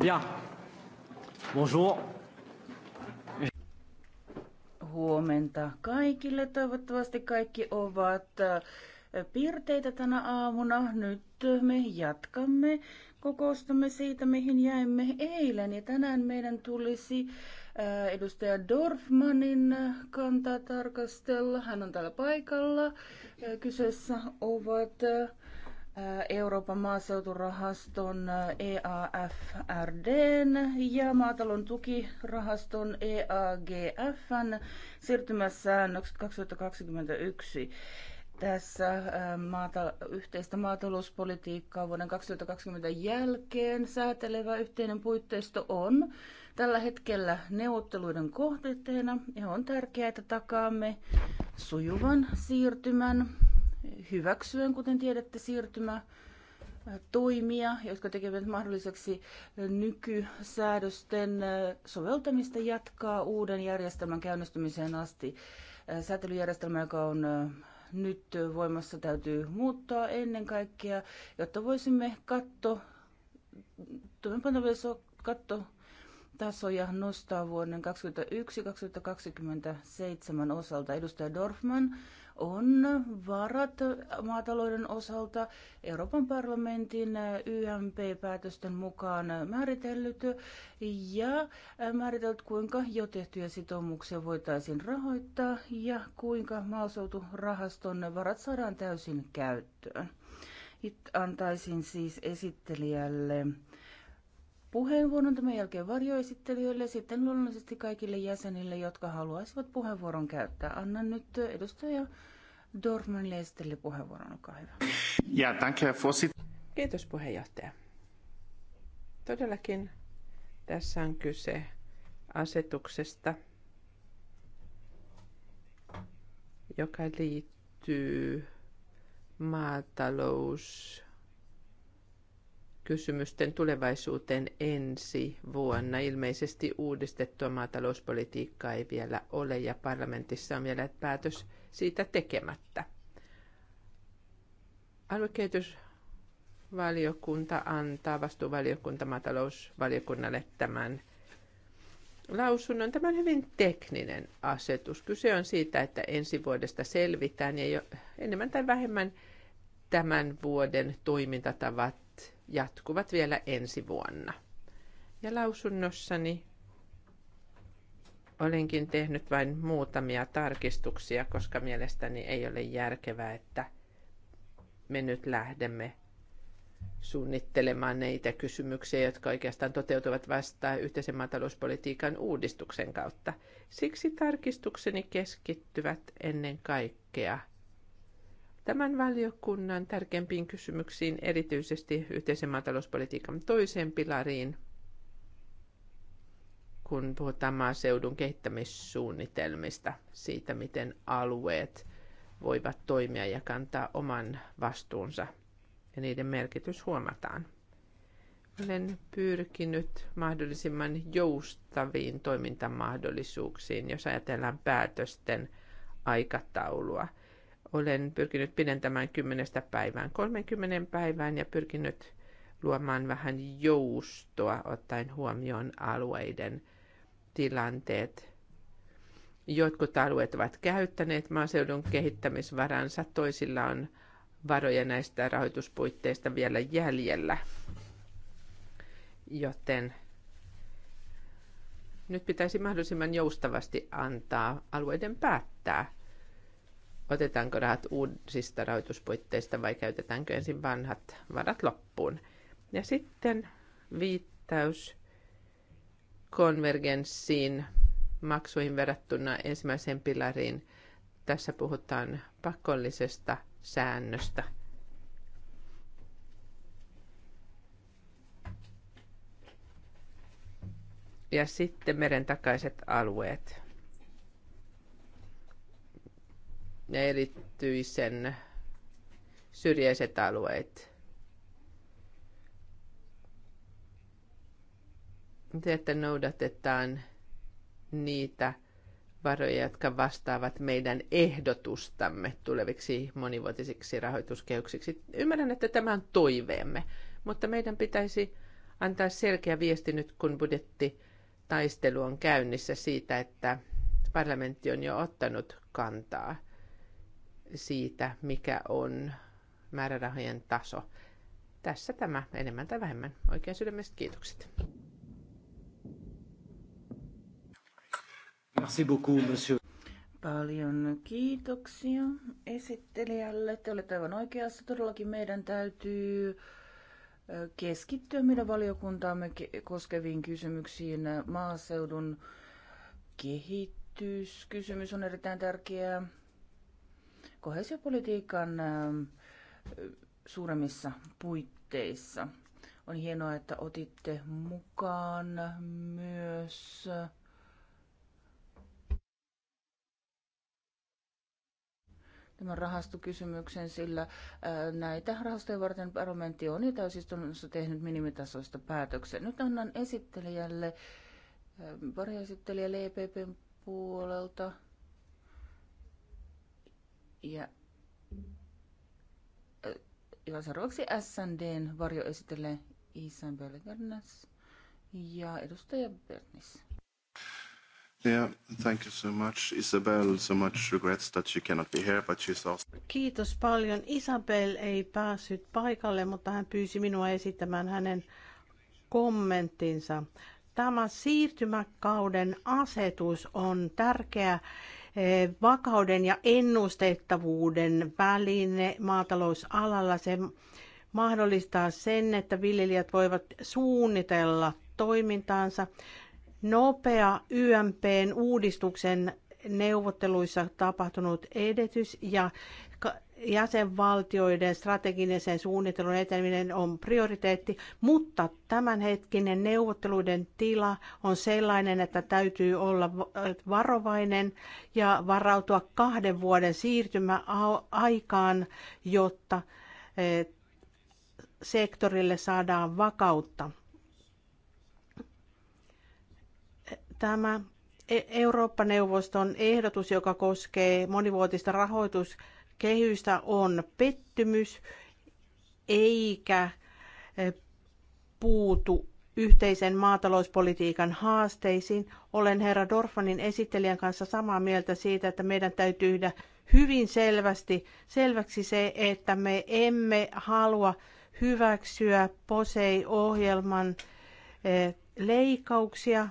Bien. Bonjour. Huomenta kaikille. Toivottavasti kaikki ovat äh, piirteitä tänä aamuna. Nyt me jatkamme kokoustamme siitä, mihin jäimme eilen. Ja tänään meidän tulisi äh, edustaja Dorfmanin kantaa tarkastella. Hän on täällä paikalla. Äh, kyseessä ovat Euroopan maaseuturahaston äh, EAFRDn ja maatalon tukirahaston EAGFn siirtymäsäännökset 2021. Tässä äh, maata, yhteistä maatalouspolitiikkaa vuoden 2020 jälkeen säätelevä yhteinen puitteisto on tällä hetkellä neuvotteluiden kohteena ja on tärkeää, että takaamme sujuvan siirtymän hyväksyen, kuten tiedätte, siirtymä toimia, jotka tekevät mahdolliseksi nykysäädösten soveltamista jatkaa uuden järjestelmän käynnistymiseen asti. Säätelyjärjestelmä, joka on nyt voimassa, täytyy muuttaa ennen kaikkea, jotta voisimme katto, toimenpanoveso katto tasoja nostaa vuoden 2021-2027 osalta. Edustaja Dorfman on varat maatalouden osalta Euroopan parlamentin YMP-päätösten mukaan määritellyt ja määritellyt, kuinka jo tehtyjä sitoumuksia voitaisiin rahoittaa ja kuinka maaseuturahaston varat saadaan täysin käyttöön. Nyt antaisin siis esittelijälle puheenvuoron tämän jälkeen varjoesittelijöille ja sitten luonnollisesti kaikille jäsenille, jotka haluaisivat puheenvuoron käyttää. Annan nyt edustaja Dorfman Leestelle puheenvuoron, olkaa hyvä. Ja, danke, Kiitos puheenjohtaja. Todellakin tässä on kyse asetuksesta, joka liittyy maatalous kysymysten tulevaisuuteen ensi vuonna. Ilmeisesti uudistettua maatalouspolitiikkaa ei vielä ole ja parlamentissa on vielä päätös siitä tekemättä. Aluekehitysvaliokunta antaa vastuuvaliokunta maatalousvaliokunnalle tämän lausunnon. Tämä on hyvin tekninen asetus. Kyse on siitä, että ensi vuodesta selvitään ja jo enemmän tai vähemmän tämän vuoden toimintatavat jatkuvat vielä ensi vuonna. Ja lausunnossani olenkin tehnyt vain muutamia tarkistuksia, koska mielestäni ei ole järkevää, että me nyt lähdemme suunnittelemaan niitä kysymyksiä, jotka oikeastaan toteutuvat vasta yhteisen maatalouspolitiikan uudistuksen kautta. Siksi tarkistukseni keskittyvät ennen kaikkea – tämän valiokunnan tärkeimpiin kysymyksiin, erityisesti yhteisen maatalouspolitiikan toiseen pilariin, kun puhutaan maaseudun kehittämissuunnitelmista, siitä miten alueet voivat toimia ja kantaa oman vastuunsa ja niiden merkitys huomataan. Olen pyrkinyt mahdollisimman joustaviin toimintamahdollisuuksiin, jos ajatellaan päätösten aikataulua – olen pyrkinyt pidentämään kymmenestä päivään 30 päivään ja pyrkinyt luomaan vähän joustoa ottaen huomioon alueiden tilanteet. Jotkut alueet ovat käyttäneet maaseudun kehittämisvaransa, toisilla on varoja näistä rahoituspuitteista vielä jäljellä. Joten nyt pitäisi mahdollisimman joustavasti antaa alueiden päättää, otetaanko rahat uusista rahoituspuitteista vai käytetäänkö ensin vanhat varat loppuun. Ja sitten viittaus konvergenssiin maksuihin verrattuna ensimmäiseen pilariin. Tässä puhutaan pakollisesta säännöstä. Ja sitten meren takaiset alueet. ne erityisen syrjäiset alueet. Se, että noudatetaan niitä varoja, jotka vastaavat meidän ehdotustamme tuleviksi monivuotisiksi rahoituskehyksiksi. Ymmärrän, että tämä on toiveemme, mutta meidän pitäisi antaa selkeä viesti nyt, kun budjettitaistelu on käynnissä siitä, että parlamentti on jo ottanut kantaa – siitä, mikä on määrärahojen taso. Tässä tämä enemmän tai vähemmän. Oikein sydämestä kiitokset. Merci beaucoup, monsieur. Paljon kiitoksia esittelijälle. Te olette aivan oikeassa. Todellakin meidän täytyy keskittyä meidän valiokuntaamme koskeviin kysymyksiin. Maaseudun kehityskysymys on erittäin tärkeä kohesiopolitiikan ähm, suuremmissa puitteissa. On hienoa, että otitte mukaan myös äh, tämän rahastokysymyksen, sillä äh, näitä rahastojen varten parlamentti on jo täysistunnossa tehnyt minimitasoista päätöksen. Nyt annan esittelijälle, äh, varjoesittelijälle EPPn puolelta ja ja seuraavaksi SNDn varjo esittelee Isan Belgernes ja edustaja Bernis. Yeah, thank you so much. Isabel so much regrets that she cannot be here, but she's also... Kiitos paljon. Isabel ei päässyt paikalle, mutta hän pyysi minua esittämään hänen kommenttinsa. Tämä siirtymäkauden asetus on tärkeä vakauden ja ennustettavuuden väline maatalousalalla. Se mahdollistaa sen, että viljelijät voivat suunnitella toimintaansa. Nopea YMPn uudistuksen neuvotteluissa tapahtunut edetys ja jäsenvaltioiden strategisen suunnittelun eteneminen on prioriteetti, mutta tämänhetkinen neuvotteluiden tila on sellainen, että täytyy olla varovainen ja varautua kahden vuoden siirtymäaikaan, jotta e, sektorille saadaan vakautta. Tämä e-, Eurooppa-neuvoston ehdotus, joka koskee monivuotista rahoitus- kehystä on pettymys eikä eh, puutu yhteisen maatalouspolitiikan haasteisiin. Olen herra Dorfanin esittelijän kanssa samaa mieltä siitä, että meidän täytyy yhdä hyvin selvästi, selväksi se, että me emme halua hyväksyä POSEI-ohjelman eh, leikauksia.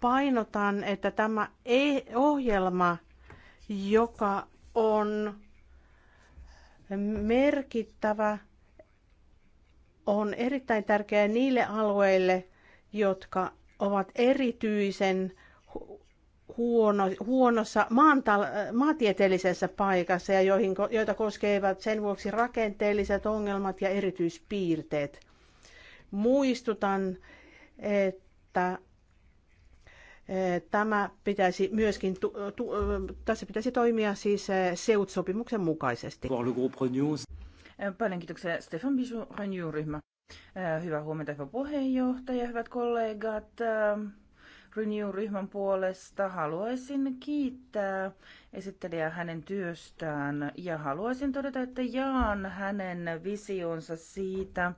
Painotan, että tämä ohjelma, joka on merkittävä, on erittäin tärkeä niille alueille, jotka ovat erityisen huono, huonossa maantal- maantieteellisessä paikassa ja joihin, joita koskevat sen vuoksi rakenteelliset ongelmat ja erityispiirteet. Muistutan, että Eh, tämä pitäisi myöskin, tu, eh, tässä pitäisi toimia siis eh, SEUT-sopimuksen mukaisesti. Paljon kiitoksia Stefan Bisu, Renew-ryhmä. Hyvää huomenta, hyvä puheenjohtaja, hyvät kollegat. Renew-ryhmän puolesta haluaisin kiittää esittelijää hänen työstään ja haluaisin todeta, että jaan hänen visionsa siitä,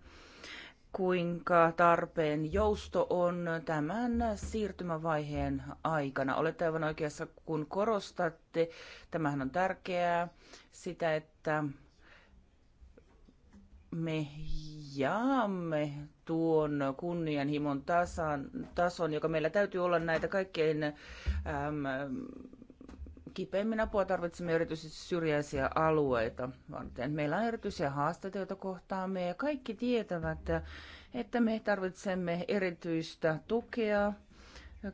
kuinka tarpeen jousto on tämän siirtymävaiheen aikana. Olette aivan oikeassa, kun korostatte, tämähän on tärkeää, sitä, että me jaamme tuon kunnianhimon tasan, tason, joka meillä täytyy olla näitä kaikkein kipeimmin apua tarvitsemme erityisesti syrjäisiä alueita varten. Meillä on erityisiä haasteita, joita kohtaamme ja kaikki tietävät, että me tarvitsemme erityistä tukea.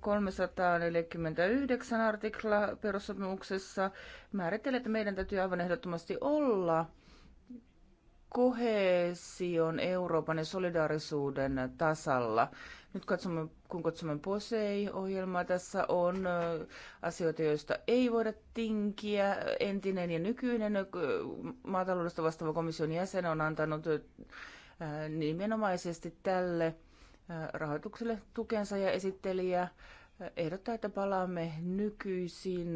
349 artikla perussopimuksessa määrittelee, että meidän täytyy aivan ehdottomasti olla – kohesion Euroopan ja solidaarisuuden tasalla. Nyt katsomme, kun katsomme POSEI-ohjelmaa, tässä on asioita, joista ei voida tinkiä. Entinen ja nykyinen maataloudesta vastaava komission jäsen on antanut nimenomaisesti tälle rahoitukselle tukensa ja esittelijä ehdottaa, että palaamme nykyisin,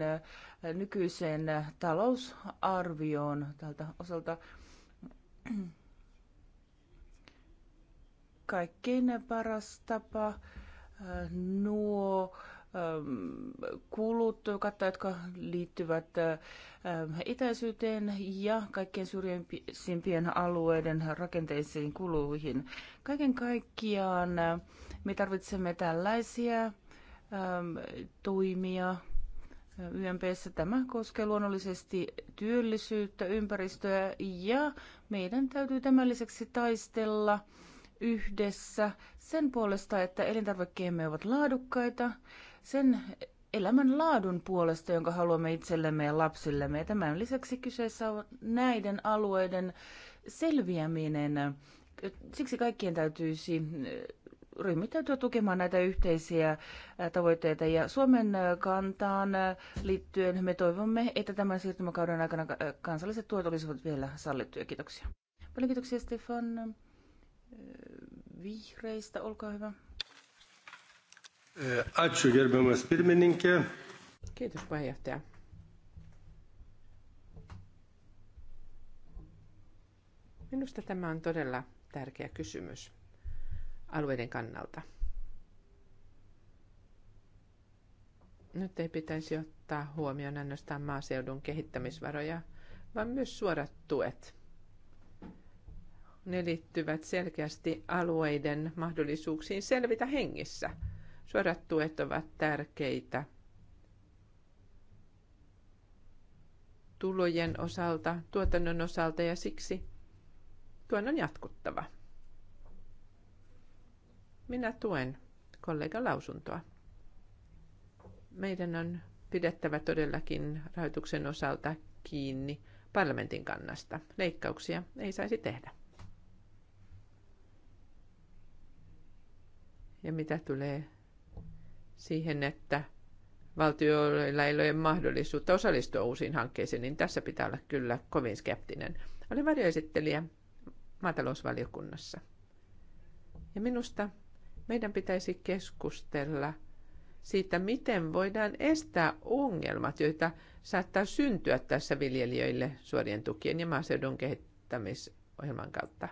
nykyiseen talousarvioon tältä osalta – kaikkein paras tapa äh, nuo ähm, kulut, katta, jotka liittyvät äh, itäisyyteen ja kaikkien syrjimpien alueiden rakenteisiin kuluihin. Kaiken kaikkiaan me tarvitsemme tällaisia ähm, toimia YMPssä. Tämä koskee luonnollisesti työllisyyttä, ympäristöä ja meidän täytyy tämän lisäksi taistella yhdessä sen puolesta, että elintarvikkeemme ovat laadukkaita, sen elämän laadun puolesta, jonka haluamme itsellemme ja lapsillemme. Ja tämän lisäksi kyseessä on näiden alueiden selviäminen. Siksi kaikkien täytyisi ryhmittäytyä tukemaan näitä yhteisiä tavoitteita. Ja Suomen kantaan liittyen me toivomme, että tämän siirtymäkauden aikana kansalliset tuet olisivat vielä sallittuja. Kiitoksia. Paljon kiitoksia Stefan Vihreistä. Olkaa hyvä. Ačiū gerbiamas pirmininkė. Kiitos puheenjohtaja. Minusta tämä on todella tärkeä kysymys alueiden kannalta. Nyt ei pitäisi ottaa huomioon ainoastaan maaseudun kehittämisvaroja, vaan myös suorat tuet. Ne liittyvät selkeästi alueiden mahdollisuuksiin selvitä hengissä. Suorat tuet ovat tärkeitä tulojen osalta, tuotannon osalta ja siksi tuon on jatkuttava. Minä tuen kollegan lausuntoa. Meidän on pidettävä todellakin rahoituksen osalta kiinni parlamentin kannasta. Leikkauksia ei saisi tehdä. Ja mitä tulee siihen, että valtioilla ei ole mahdollisuutta osallistua uusiin hankkeisiin, niin tässä pitää olla kyllä kovin skeptinen. Olen varjoesittelijä maatalousvaliokunnassa. Ja minusta meidän pitäisi keskustella siitä, miten voidaan estää ongelmat, joita saattaa syntyä tässä viljelijöille suorien tukien ja maaseudun kehittämisohjelman kautta.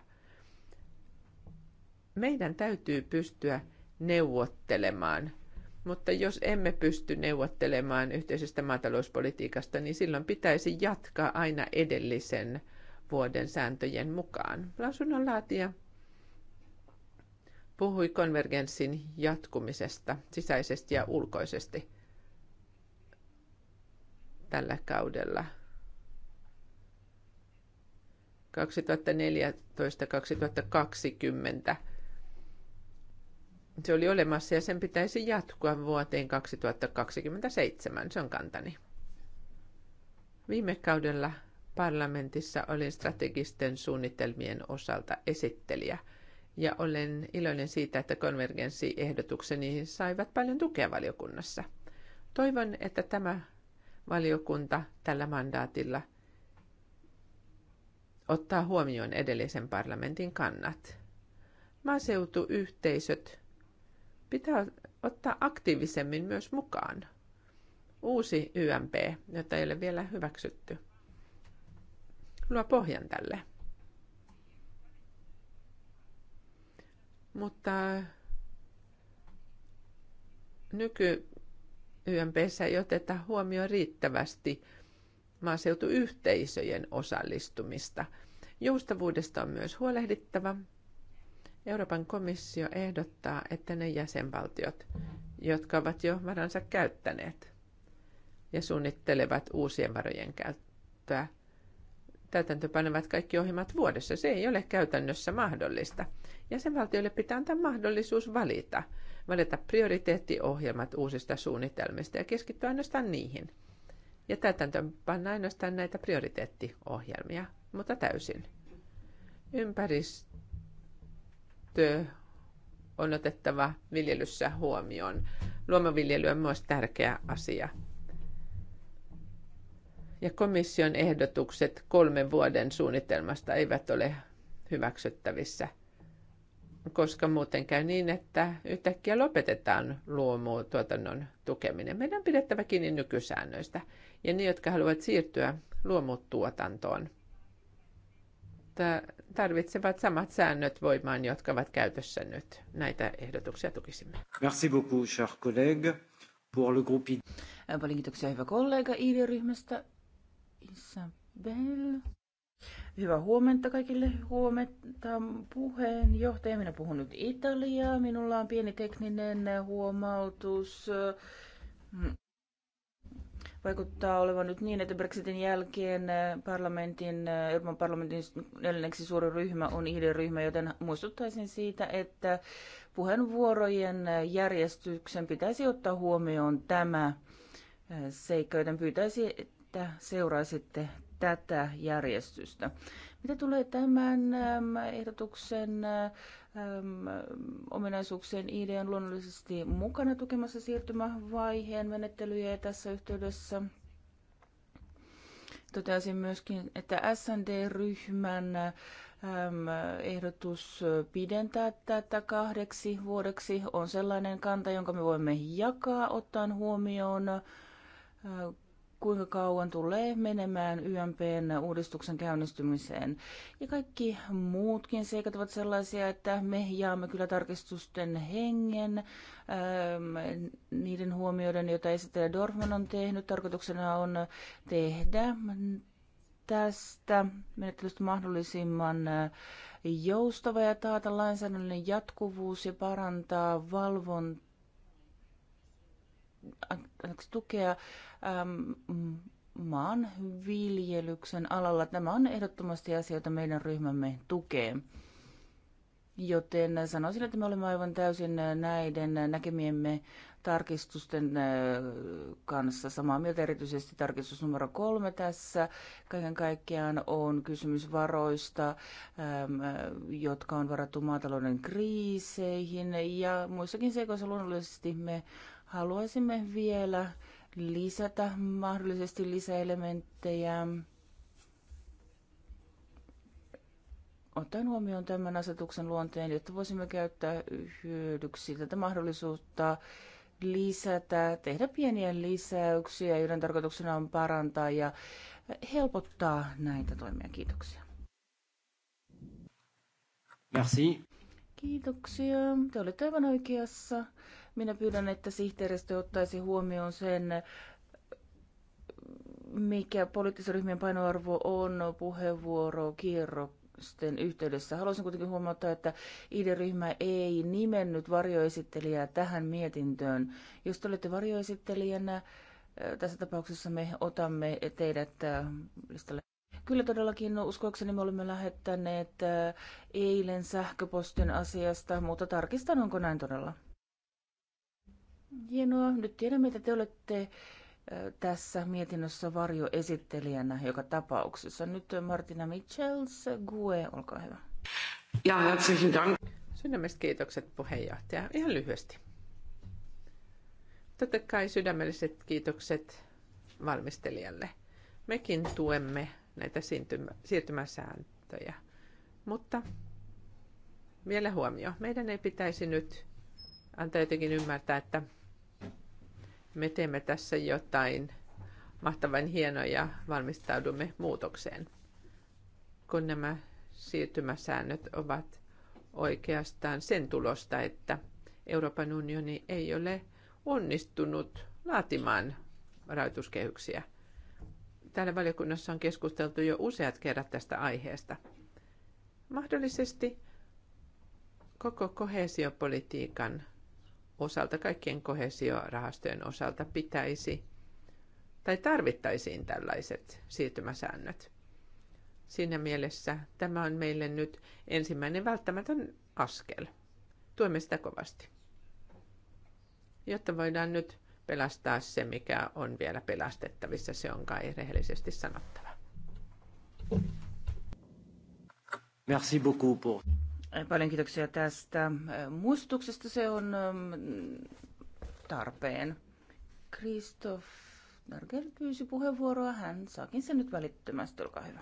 Meidän täytyy pystyä neuvottelemaan, mutta jos emme pysty neuvottelemaan yhteisestä maatalouspolitiikasta, niin silloin pitäisi jatkaa aina edellisen vuoden sääntöjen mukaan. Lausunnonlaatija puhui konvergenssin jatkumisesta sisäisesti ja ulkoisesti tällä kaudella. 2014-2020 se oli olemassa ja sen pitäisi jatkua vuoteen 2027. Se on kantani. Viime kaudella parlamentissa olin strategisten suunnitelmien osalta esittelijä – ja olen iloinen siitä, että konvergenssiehdotukseni saivat paljon tukea valiokunnassa. Toivon, että tämä valiokunta tällä mandaatilla ottaa huomioon edellisen parlamentin kannat. Maaseutuyhteisöt pitää ottaa aktiivisemmin myös mukaan. Uusi YMP, jota ei ole vielä hyväksytty, luo pohjan tälle. Mutta nyky YMPssä ei oteta huomioon riittävästi maaseutuyhteisöjen osallistumista. Joustavuudesta on myös huolehdittava. Euroopan komissio ehdottaa, että ne jäsenvaltiot, jotka ovat jo varansa käyttäneet ja suunnittelevat uusien varojen käyttöä, täytäntöpanevat kaikki ohjelmat vuodessa. Se ei ole käytännössä mahdollista. Jäsenvaltioille pitää antaa mahdollisuus valita, valita prioriteettiohjelmat uusista suunnitelmista ja keskittyä ainoastaan niihin. Ja täytäntöpanna ainoastaan näitä prioriteettiohjelmia, mutta täysin. Ympäristö on otettava viljelyssä huomioon. Luomaviljely on myös tärkeä asia – ja komission ehdotukset kolmen vuoden suunnitelmasta eivät ole hyväksyttävissä, koska muuten käy niin, että yhtäkkiä lopetetaan luomutuotannon tukeminen. Meidän on pidettävä kiinni nykysäännöistä ja ne, jotka haluavat siirtyä luomutuotantoon, tarvitsevat samat säännöt voimaan, jotka ovat käytössä nyt. Näitä ehdotuksia tukisimme. Merci beaucoup, cher collègue. Pour le groupe... Paljon kiitoksia hyvä kollega ID-ryhmästä. Isabel. Hyvää huomenta kaikille. Huomenta puheenjohtaja. Minä puhun nyt Italiaa. Minulla on pieni tekninen huomautus. Vaikuttaa olevan nyt niin, että Brexitin jälkeen parlamentin, Euroopan parlamentin neljänneksi suuri ryhmä on ID-ryhmä, joten muistuttaisin siitä, että puheenvuorojen järjestyksen pitäisi ottaa huomioon tämä seikka, joten pyytäisi, että seuraisitte tätä järjestystä. Mitä tulee tämän ähm, ehdotuksen ähm, ominaisuuksien idea on luonnollisesti mukana tukemassa siirtymävaiheen menettelyjä tässä yhteydessä toteaisin myöskin, että SND-ryhmän ähm, ehdotus pidentää tätä kahdeksi vuodeksi on sellainen kanta, jonka me voimme jakaa ottaen huomioon äh, kuinka kauan tulee menemään YMPn uudistuksen käynnistymiseen. Ja kaikki muutkin seikat ovat sellaisia, että me jaamme kyllä tarkistusten hengen, ähm, niiden huomioiden, joita esittäjä Dorfman on tehnyt. Tarkoituksena on tehdä tästä menettelystä mahdollisimman äh, joustava ja taata lainsäädännöllinen jatkuvuus ja parantaa valvontaa anteeksi, tukea ähm, maanviljelyksen alalla. Tämä on ehdottomasti asia, jota meidän ryhmämme tukee. Joten sanoisin, että me olemme aivan täysin näiden näkemiemme tarkistusten äh, kanssa samaa mieltä, erityisesti tarkistus numero kolme tässä. Kaiken kaikkiaan on kysymys varoista, ähm, jotka on varattu maatalouden kriiseihin ja muissakin seikoissa luonnollisesti me haluaisimme vielä lisätä mahdollisesti lisäelementtejä. Ottaen huomioon tämän asetuksen luonteen, jotta voisimme käyttää hyödyksi tätä mahdollisuutta lisätä, tehdä pieniä lisäyksiä, joiden tarkoituksena on parantaa ja helpottaa näitä toimia. Kiitoksia. Merci. Kiitoksia. Te olette aivan oikeassa. Minä pyydän, että sihteeristö ottaisi huomioon sen, mikä poliittisen ryhmien painoarvo on puheenvuoro kierrosten yhteydessä. Haluaisin kuitenkin huomauttaa, että ID-ryhmä ei nimennyt varjoesittelijää tähän mietintöön. Jos te olette varjoesittelijänä, äh, tässä tapauksessa me otamme teidät äh, listalle. Kyllä todellakin, no, uskoakseni me olemme lähettäneet äh, eilen sähköpostin asiasta, mutta tarkistan, onko näin todella. Hienoa. Nyt tiedämme, että te olette tässä mietinnössä varjoesittelijänä joka tapauksessa. Nyt Martina Michels, GUE, olkaa hyvä. Ja herzlichen Dank. Sydämestä kiitokset puheenjohtaja. Ihan lyhyesti. Totta kai sydämelliset kiitokset valmistelijalle. Mekin tuemme näitä siirtymäsääntöjä. Mutta vielä huomio. Meidän ei pitäisi nyt antaa jotenkin ymmärtää, että me teemme tässä jotain mahtavan hienoa ja valmistaudumme muutokseen. Kun nämä siirtymäsäännöt ovat oikeastaan sen tulosta, että Euroopan unioni ei ole onnistunut laatimaan rahoituskehyksiä. Täällä valiokunnassa on keskusteltu jo useat kerrat tästä aiheesta. Mahdollisesti koko kohesiopolitiikan osalta, kaikkien kohesiorahastojen osalta pitäisi tai tarvittaisiin tällaiset siirtymäsäännöt. Siinä mielessä tämä on meille nyt ensimmäinen välttämätön askel. Tuemme sitä kovasti, jotta voidaan nyt pelastaa se, mikä on vielä pelastettavissa. Se on kai rehellisesti sanottava. Merci beaucoup pour... Paljon kiitoksia tästä muistutuksesta. Se on ähm, tarpeen. Kristoff Berger pyysi puheenvuoroa. Hän saakin sen nyt välittömästi. Olkaa hyvä.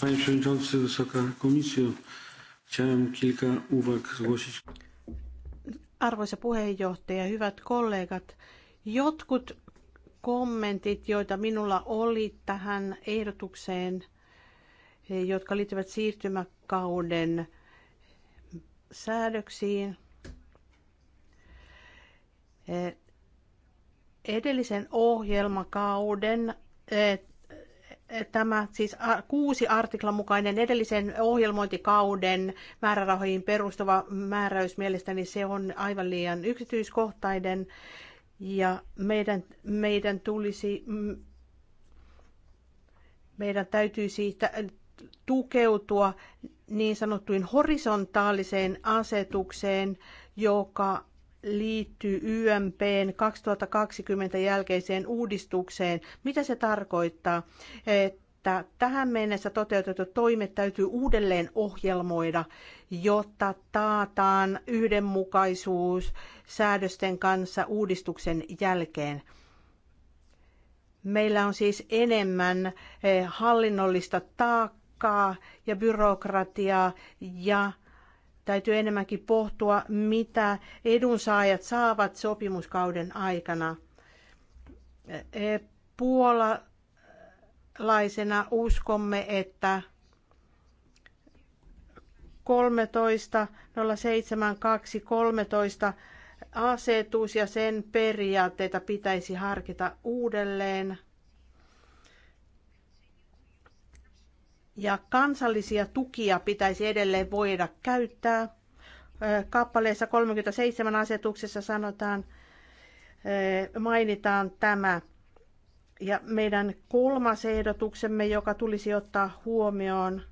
Panie Przewodniczący, Wysoka Komisjo, chciałem kilka uwag zgłosić. Arvoisa puheenjohtaja, hyvät kollegat, jotkut kommentit, joita minulla oli tähän ehdotukseen, jotka liittyvät siirtymäkauden säädöksiin. Edellisen ohjelmakauden tämä siis kuusi artiklan mukainen edellisen ohjelmointikauden määrärahoihin perustuva määräys mielestäni se on aivan liian yksityiskohtainen ja meidän, meidän tulisi, mm, meidän täytyy siitä tukeutua niin sanottuin horisontaaliseen asetukseen, joka liittyy YMPn 2020 jälkeiseen uudistukseen. Mitä se tarkoittaa? että tähän mennessä toteutetut toimet täytyy uudelleen ohjelmoida, jotta taataan yhdenmukaisuus säädösten kanssa uudistuksen jälkeen. Meillä on siis enemmän eh, hallinnollista taakkaa ja byrokratiaa ja täytyy enemmänkin pohtua, mitä edunsaajat saavat sopimuskauden aikana. Eh, Puola laisena uskomme, että 13.07.2 asetus ja sen periaatteita pitäisi harkita uudelleen. Ja kansallisia tukia pitäisi edelleen voida käyttää. Kappaleessa 37 asetuksessa sanotaan, mainitaan tämä ja meidän kolmas ehdotuksemme, joka tulisi ottaa huomioon,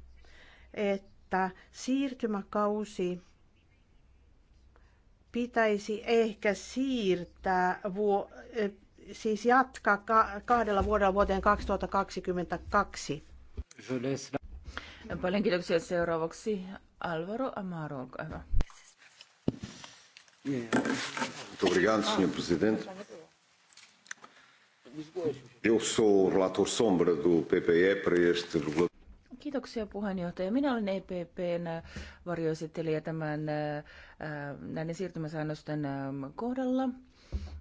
että siirtymäkausi pitäisi ehkä siirtää, eh, siis jatkaa kahdella vuodella vuoteen 2022. Paljon kiitoksia. Seuraavaksi Alvaro Amaro, olkaa hyvä. Muito obrigado, Sr. Eu sou o relator sombra do PPE para este Kiitoksia puheenjohtaja. Minä olen EPPn äh, varjoesittelijä tämän äh, äh, näiden siirtymäsäännösten ähm, kohdalla.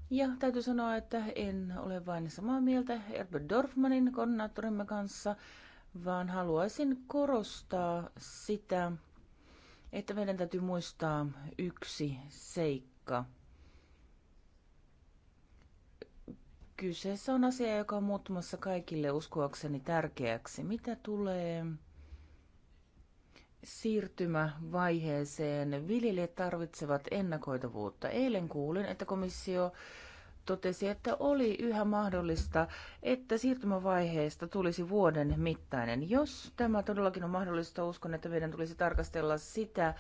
Ja täytyy sanoa, että en ole vain samaa mieltä Herbert Dorfmanin koordinaattorimme kanssa, vaan haluaisin korostaa sitä, että meidän täytyy muistaa yksi seikka – Kyseessä on asia, joka on muuttumassa kaikille uskoakseni tärkeäksi. Mitä tulee siirtymävaiheeseen, viljelijät tarvitsevat ennakoitavuutta. Eilen kuulin, että komissio totesi, että oli yhä mahdollista, että siirtymävaiheesta tulisi vuoden mittainen. Jos tämä todellakin on mahdollista, uskon, että meidän tulisi tarkastella sitä ähm,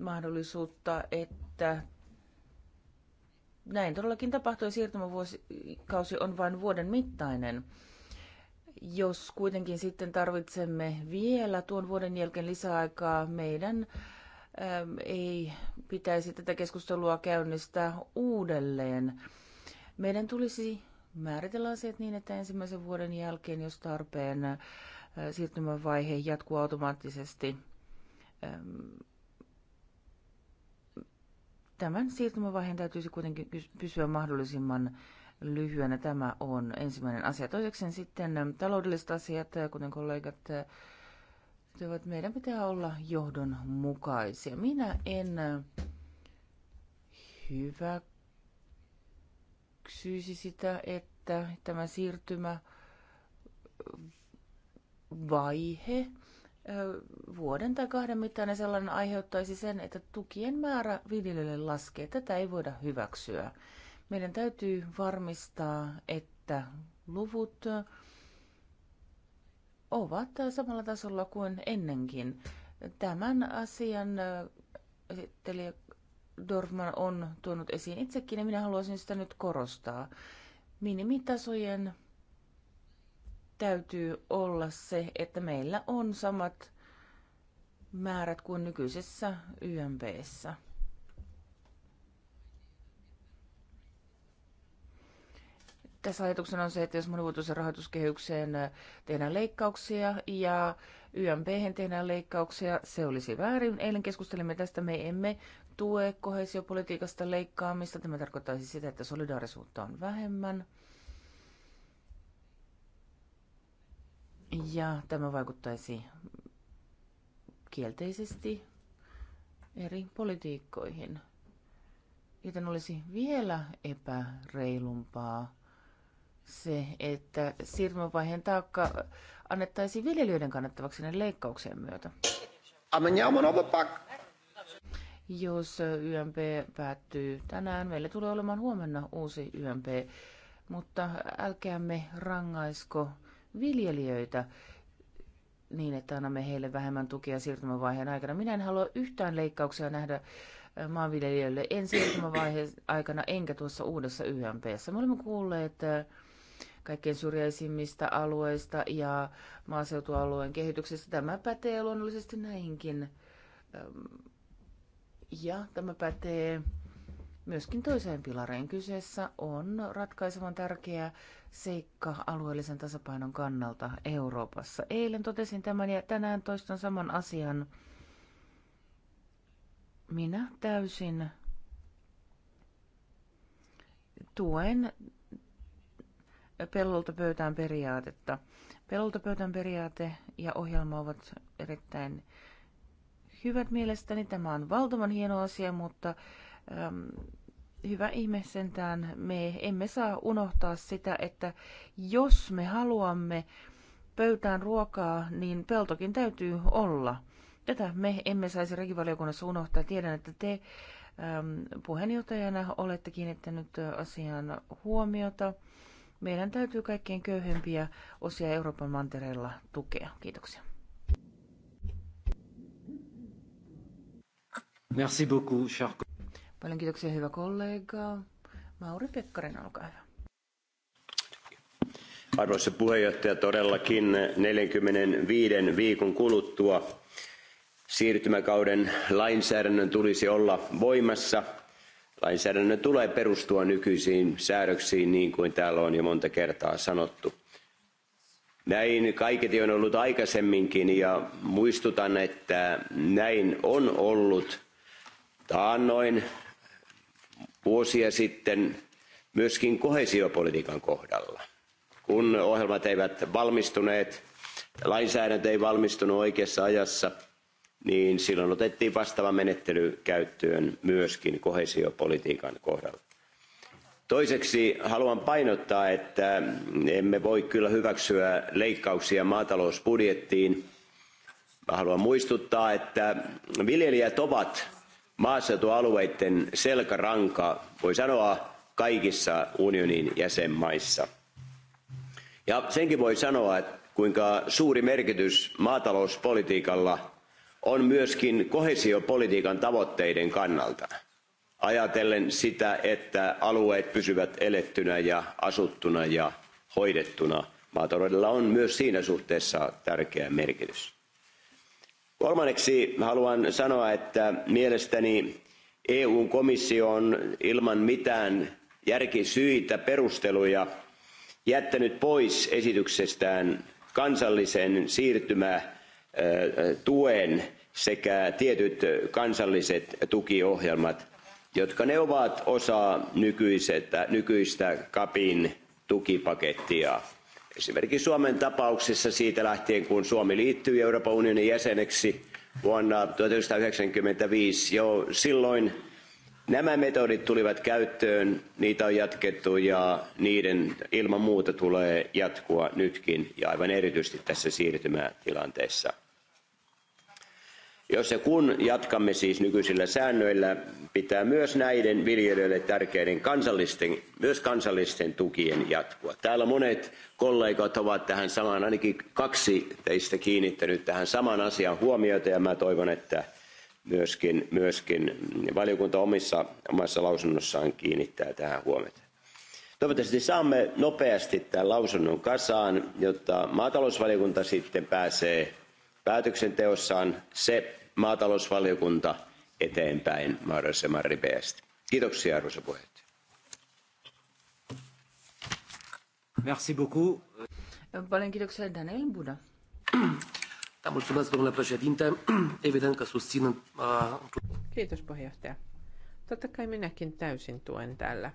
mahdollisuutta, että näin todellakin tapahtui. Siirtymävuosikausi on vain vuoden mittainen. Jos kuitenkin sitten tarvitsemme vielä tuon vuoden jälkeen lisäaikaa, meidän äm, ei pitäisi tätä keskustelua käynnistää uudelleen. Meidän tulisi määritellä asiat niin, että ensimmäisen vuoden jälkeen, jos tarpeen, äh, siirtymävaihe jatkuu automaattisesti äm, Tämän siirtymävaiheen täytyisi kuitenkin pysyä mahdollisimman lyhyenä. Tämä on ensimmäinen asia. Toiseksi sitten taloudelliset asiat, kuten kollegat toivat, meidän pitää olla johdonmukaisia. Minä en hyväksyisi sitä, että tämä siirtymä vaihe vuoden tai kahden mittainen sellainen aiheuttaisi sen, että tukien määrä viljelijöille laskee. Tätä ei voida hyväksyä. Meidän täytyy varmistaa, että luvut ovat samalla tasolla kuin ennenkin. Tämän asian esittelijä Dorfman on tuonut esiin itsekin ja minä haluaisin sitä nyt korostaa. Minimitasojen täytyy olla se, että meillä on samat määrät kuin nykyisessä YMPssä. Tässä ajatuksena on se, että jos monivuotoisen rahoituskehykseen tehdään leikkauksia ja YMP tehdään leikkauksia, se olisi väärin. Eilen keskustelimme tästä, me emme tue kohesiopolitiikasta leikkaamista. Tämä tarkoittaisi sitä, että solidaarisuutta on vähemmän – Ja tämä vaikuttaisi kielteisesti eri politiikkoihin. Joten olisi vielä epäreilumpaa se, että siirtymävaiheen taakka annettaisiin viljelijöiden kannattavaksi näiden leikkauksien myötä. Jos YMP päättyy tänään, meille tulee olemaan huomenna uusi YMP, mutta älkäämme rangaisko viljelijöitä niin, että annamme heille vähemmän tukea siirtymävaiheen aikana. Minä en halua yhtään leikkauksia nähdä maanviljelijöille en siirtymävaiheen aikana enkä tuossa uudessa YMPssä. Me olemme kuulleet kaikkein syrjäisimmistä alueista ja maaseutualueen kehityksestä. Tämä pätee luonnollisesti näinkin. Ja tämä pätee myöskin toiseen pilareen. Kyseessä on ratkaisevan tärkeä seikka alueellisen tasapainon kannalta Euroopassa. Eilen totesin tämän ja tänään toistan saman asian. Minä täysin tuen pellolta pöytään periaatetta. Pellolta pöytään periaate ja ohjelma ovat erittäin hyvät mielestäni. Tämä on valtavan hieno asia, mutta hyvä ihme sentään, me emme saa unohtaa sitä, että jos me haluamme pöytään ruokaa, niin peltokin täytyy olla. Tätä me emme saisi rekivaliokunnassa unohtaa. Tiedän, että te äm, puheenjohtajana olette kiinnittänyt asiaan huomiota. Meidän täytyy kaikkein köyhempiä osia Euroopan mantereella tukea. Kiitoksia. Merci beaucoup, cher Paljon kiitoksia, hyvä kollega. Mauri Pekkarinen, olkaa hyvä. Arvoisa puheenjohtaja, todellakin 45 viikon kuluttua siirtymäkauden lainsäädännön tulisi olla voimassa. Lainsäädännön tulee perustua nykyisiin säädöksiin, niin kuin täällä on jo monta kertaa sanottu. Näin kaiketi on ollut aikaisemminkin ja muistutan, että näin on ollut taannoin vuosia sitten myöskin kohesiopolitiikan kohdalla. Kun ohjelmat eivät valmistuneet, lainsäädäntö ei valmistunut oikeassa ajassa, niin silloin otettiin vastaava menettely käyttöön myöskin kohesiopolitiikan kohdalla. Toiseksi haluan painottaa, että emme voi kyllä hyväksyä leikkauksia maatalousbudjettiin. Mä haluan muistuttaa, että viljelijät ovat maaseutualueiden selkäranka, voi sanoa, kaikissa unionin jäsenmaissa. Ja senkin voi sanoa, että kuinka suuri merkitys maatalouspolitiikalla on myöskin kohesiopolitiikan tavoitteiden kannalta. Ajatellen sitä, että alueet pysyvät elettynä ja asuttuna ja hoidettuna. Maataloudella on myös siinä suhteessa tärkeä merkitys kolmanneksi haluan sanoa että mielestäni eun komissio on ilman mitään järkisyitä perusteluja jättänyt pois esityksestään kansallisen siirtymätuen sekä tietyt kansalliset tukiohjelmat jotka ne ovat osa nykyistä capin tukipakettia. Esimerkiksi Suomen tapauksessa siitä lähtien, kun Suomi liittyi Euroopan unionin jäseneksi vuonna 1995, jo silloin nämä metodit tulivat käyttöön, niitä on jatkettu ja niiden ilman muuta tulee jatkua nytkin ja aivan erityisesti tässä siirtymätilanteessa. Jos ja kun jatkamme siis nykyisillä säännöillä, pitää myös näiden viljelijöille tärkeiden kansallisten, myös kansallisten tukien jatkua. Täällä monet kollegat ovat tähän samaan, ainakin kaksi teistä kiinnittänyt tähän samaan asiaan huomiota ja mä toivon, että myöskin, myöskin valiokunta omissa, omassa lausunnossaan kiinnittää tähän huomiota. Toivottavasti saamme nopeasti tämän lausunnon kasaan, jotta maatalousvaliokunta sitten pääsee päätöksenteossaan se maatalousvaliokunta eteenpäin mahdollisimman ripeästi. Kiitoksia arvoisa puheenjohtaja. Merci beaucoup. Paljon kiitoksia Daniel Buda. Uh, Kiitos, puheenjohtaja. Totta kai minäkin täysin tuen täällä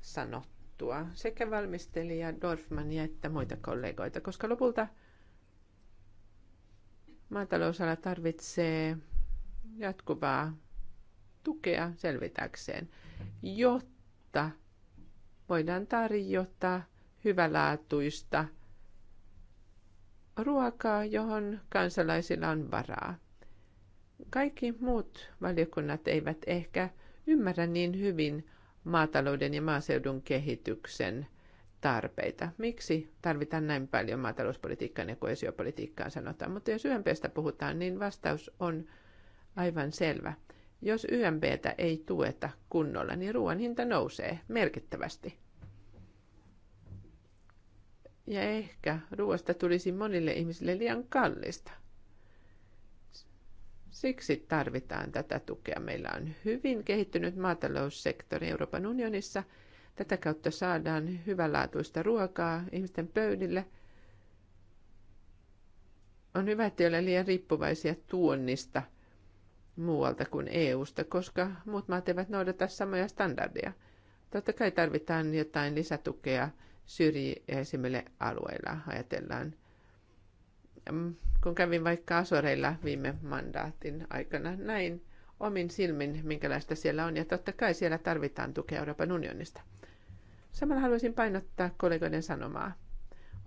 sanottua sekä valmistelija Dorfmania että muita kollegoita, koska lopulta maatalousala tarvitsee jatkuvaa tukea selvitäkseen, jotta voidaan tarjota hyvälaatuista ruokaa, johon kansalaisilla on varaa. Kaikki muut valiokunnat eivät ehkä ymmärrä niin hyvin maatalouden ja maaseudun kehityksen – tarpeita. Miksi tarvitaan näin paljon maatalouspolitiikkaan ja koesiopolitiikkaan sanotaan, mutta jos YMPstä puhutaan, niin vastaus on aivan selvä. Jos YMPtä ei tueta kunnolla, niin ruoan hinta nousee merkittävästi. Ja ehkä ruoasta tulisi monille ihmisille liian kallista. Siksi tarvitaan tätä tukea. Meillä on hyvin kehittynyt maataloussektori Euroopan unionissa – Tätä kautta saadaan hyvänlaatuista ruokaa ihmisten pöydille. On hyvä, että ei ole liian riippuvaisia tuonnista muualta kuin EUsta, koska muut maat eivät noudata samoja standardeja. Totta kai tarvitaan jotain lisätukea syrjäisimmille alueilla, ajatellaan kun kävin vaikka Asoreilla viime mandaatin aikana, näin omin silmin, minkälaista siellä on. Ja totta kai siellä tarvitaan tukea Euroopan unionista. Samalla haluaisin painottaa kollegoiden sanomaa.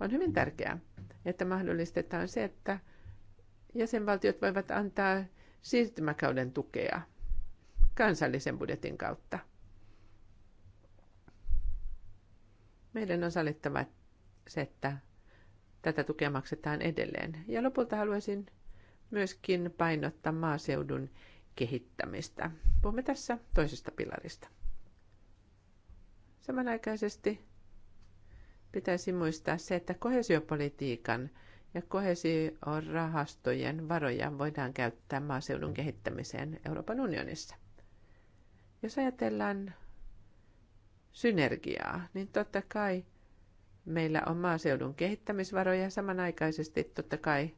On hyvin tärkeää, että mahdollistetaan se, että jäsenvaltiot voivat antaa siirtymäkauden tukea kansallisen budjetin kautta. Meidän on salittava se, että tätä tukea maksetaan edelleen. Ja lopulta haluaisin myöskin painottaa maaseudun kehittämistä. Puhumme tässä toisesta pilarista. Samanaikaisesti pitäisi muistaa se, että kohesiopolitiikan ja kohesiorahastojen varoja voidaan käyttää maaseudun kehittämiseen Euroopan unionissa. Jos ajatellaan synergiaa, niin totta kai meillä on maaseudun kehittämisvaroja samanaikaisesti totta kai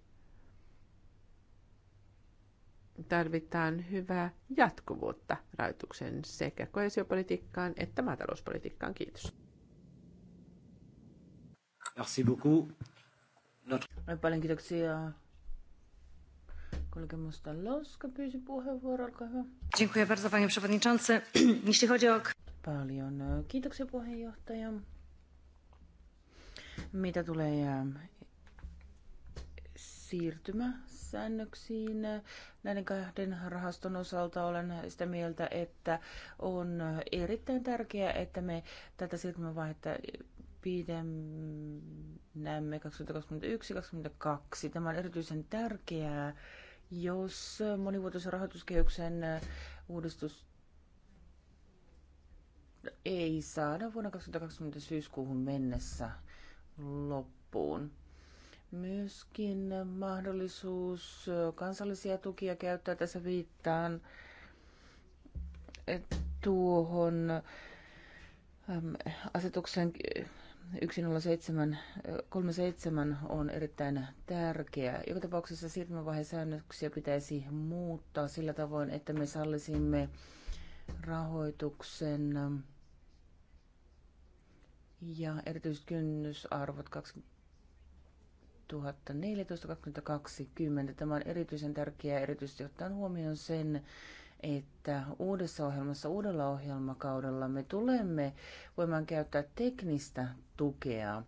tarvitaan hyvää jatkuvuutta rahoituksen sekä koesiopolitiikkaan että maatalouspolitiikkaan. Kiitos. Merci beaucoup. Notre... Paljon kiitoksia. Kolega Mustalowska pyysi puheenvuoro, olkaa hyvä. Dziękuję bardzo, panie przewodniczący. Jeśli chodzi o... Paljon e, kiitoksia puheenjohtaja. Mitä tulee e, siirtymä säännöksiin. Näiden kahden rahaston osalta olen sitä mieltä, että on erittäin tärkeää, että me tätä siirtymävaihetta pidennämme 2021-2022. Tämä on erityisen tärkeää, jos monivuotoisen rahoituskehyksen uudistus ei saada vuonna 2020 syyskuuhun mennessä loppuun myöskin mahdollisuus kansallisia tukia käyttää. Tässä viittaan tuohon asetuksen 1037 on erittäin tärkeä. Joka tapauksessa siirtymävaiheen säännöksiä pitäisi muuttaa sillä tavoin, että me sallisimme rahoituksen ja erityiskynnysarvot 20 2014-2020. Tämä on erityisen tärkeää erityisesti ottaen huomioon sen, että uudessa ohjelmassa, uudella ohjelmakaudella me tulemme voimaan käyttää teknistä tukea,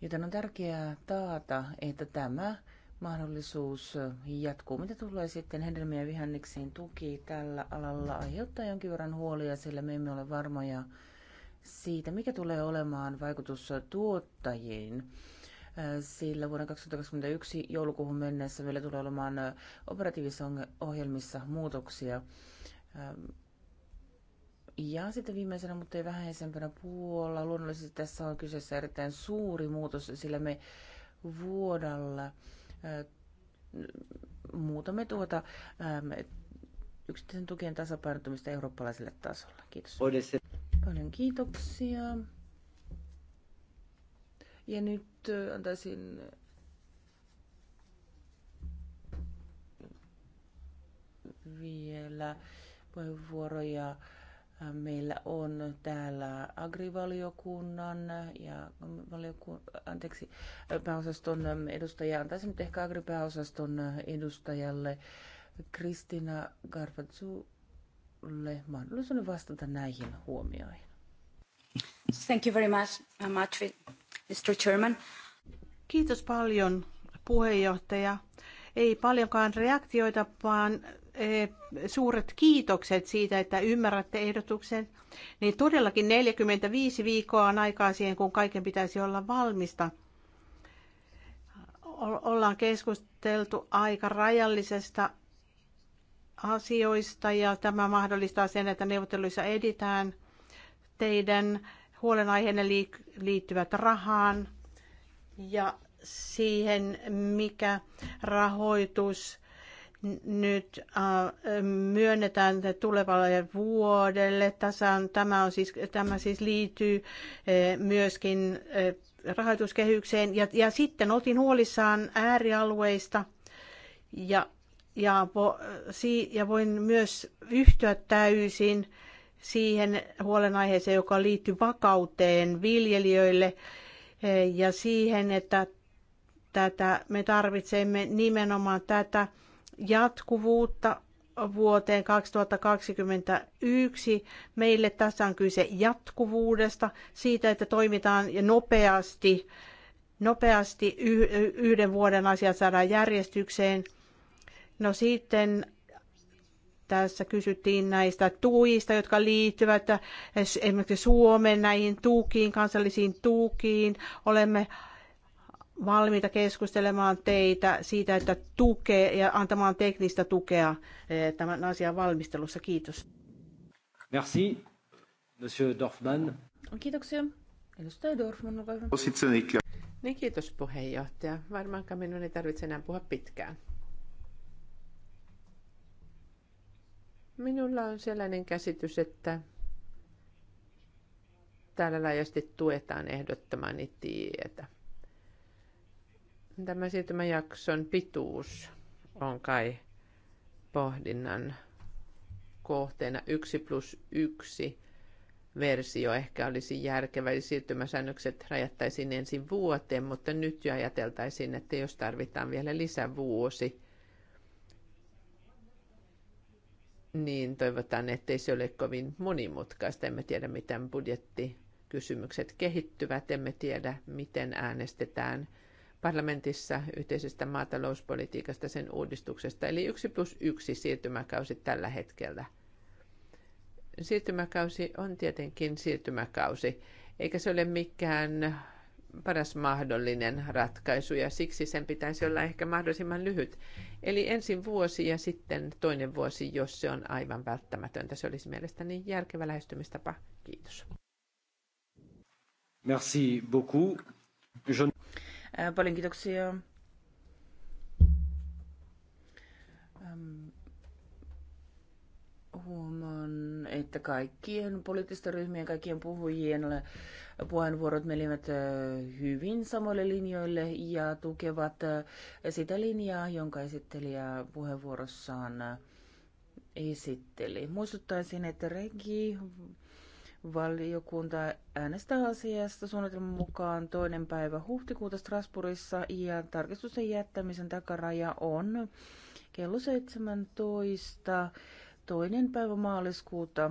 joten on tärkeää taata, että tämä mahdollisuus jatkuu. Mitä tulee sitten hedelmiä vihanneksiin tuki tällä alalla aiheuttaa jonkin verran huolia, sillä me emme ole varmoja siitä, mikä tulee olemaan vaikutus tuottajiin sillä vuoden 2021 joulukuuhun mennessä meillä tulee olemaan operatiivisissa ohjelmissa muutoksia. Ja sitten viimeisenä, mutta ei vähäisempänä puolella. Luonnollisesti tässä on kyseessä erittäin suuri muutos, sillä me vuodalla muutamme tuota yksittäisen tukien tasapainottamista eurooppalaiselle tasolle. Kiitos. Paljon kiitoksia. Ja nyt antaisin vielä puheenvuoroja. Meillä on täällä agrivaliokunnan ja valioku, anteeksi, pääosaston edustaja. Antaisin nyt ehkä agripääosaston edustajalle Kristina Garfatsulle mahdollisuuden vastata näihin huomioihin. Thank you very much. much Mr. Chairman. Kiitos paljon, puheenjohtaja. Ei paljonkaan reaktioita, vaan e, suuret kiitokset siitä, että ymmärrätte ehdotuksen. Niin todellakin 45 viikkoa on aikaa siihen, kun kaiken pitäisi olla valmista. Ollaan keskusteltu aika rajallisesta asioista ja tämä mahdollistaa sen, että neuvotteluissa editään teidän huolenaiheena liittyvät rahaan ja siihen, mikä rahoitus nyt äh, myönnetään tulevalle vuodelle. Tässä on, tämä, on siis, tämä siis liittyy äh, myöskin äh, rahoituskehykseen. Ja, ja sitten oltiin huolissaan äärialueista ja, ja, vo, si, ja voin myös yhtyä täysin siihen huolenaiheeseen, joka liittyy vakauteen viljelijöille eh, ja siihen, että tätä, me tarvitsemme nimenomaan tätä jatkuvuutta vuoteen 2021. Meille tässä on kyse jatkuvuudesta, siitä, että toimitaan nopeasti, nopeasti yhden vuoden asiat saadaan järjestykseen. No sitten tässä kysyttiin näistä tuista, jotka liittyvät esimerkiksi Suomen näihin tukiin, kansallisiin tukiin. Olemme valmiita keskustelemaan teitä siitä, että tukee ja antamaan teknistä tukea eh, tämän asian valmistelussa. Kiitos. Merci, Monsieur Dorfman. Kiitoksia. Edustaja Dorfman, olkaa hyvä. Niin, kiitos puheenjohtaja. Varmaankaan minun ei tarvitse enää puhua pitkään. Minulla on sellainen käsitys, että täällä laajasti tuetaan ehdottamani tietä. Tämä siirtymäjakson pituus on kai pohdinnan kohteena 1 plus 1 versio ehkä olisi järkevä, eli siirtymäsäännökset rajattaisiin ensin vuoteen, mutta nyt jo ajateltaisiin, että jos tarvitaan vielä lisävuosi, niin toivotaan, ettei se ole kovin monimutkaista. Emme tiedä, miten budjettikysymykset kehittyvät, emme tiedä, miten äänestetään parlamentissa yhteisestä maatalouspolitiikasta, sen uudistuksesta. Eli 1 plus 1 siirtymäkausi tällä hetkellä. Siirtymäkausi on tietenkin siirtymäkausi, eikä se ole mikään paras mahdollinen ratkaisu ja siksi sen pitäisi olla ehkä mahdollisimman lyhyt. Eli ensin vuosi ja sitten toinen vuosi, jos se on aivan välttämätöntä. Se olisi mielestäni järkevä lähestymistapa. Kiitos. Merci beaucoup. Je... Äh, paljon kiitoksia. Ähm, Huomaan, että kaikkien poliittisten ryhmien, kaikkien puhujien puheenvuorot menivät hyvin samoille linjoille ja tukevat sitä linjaa, jonka esittelijä puheenvuorossaan esitteli. Muistuttaisin, että Regi valiokunta äänestää asiasta suunnitelman mukaan toinen päivä huhtikuuta Strasbourgissa ja tarkistusten jättämisen takaraja on kello 17 toinen päivä maaliskuuta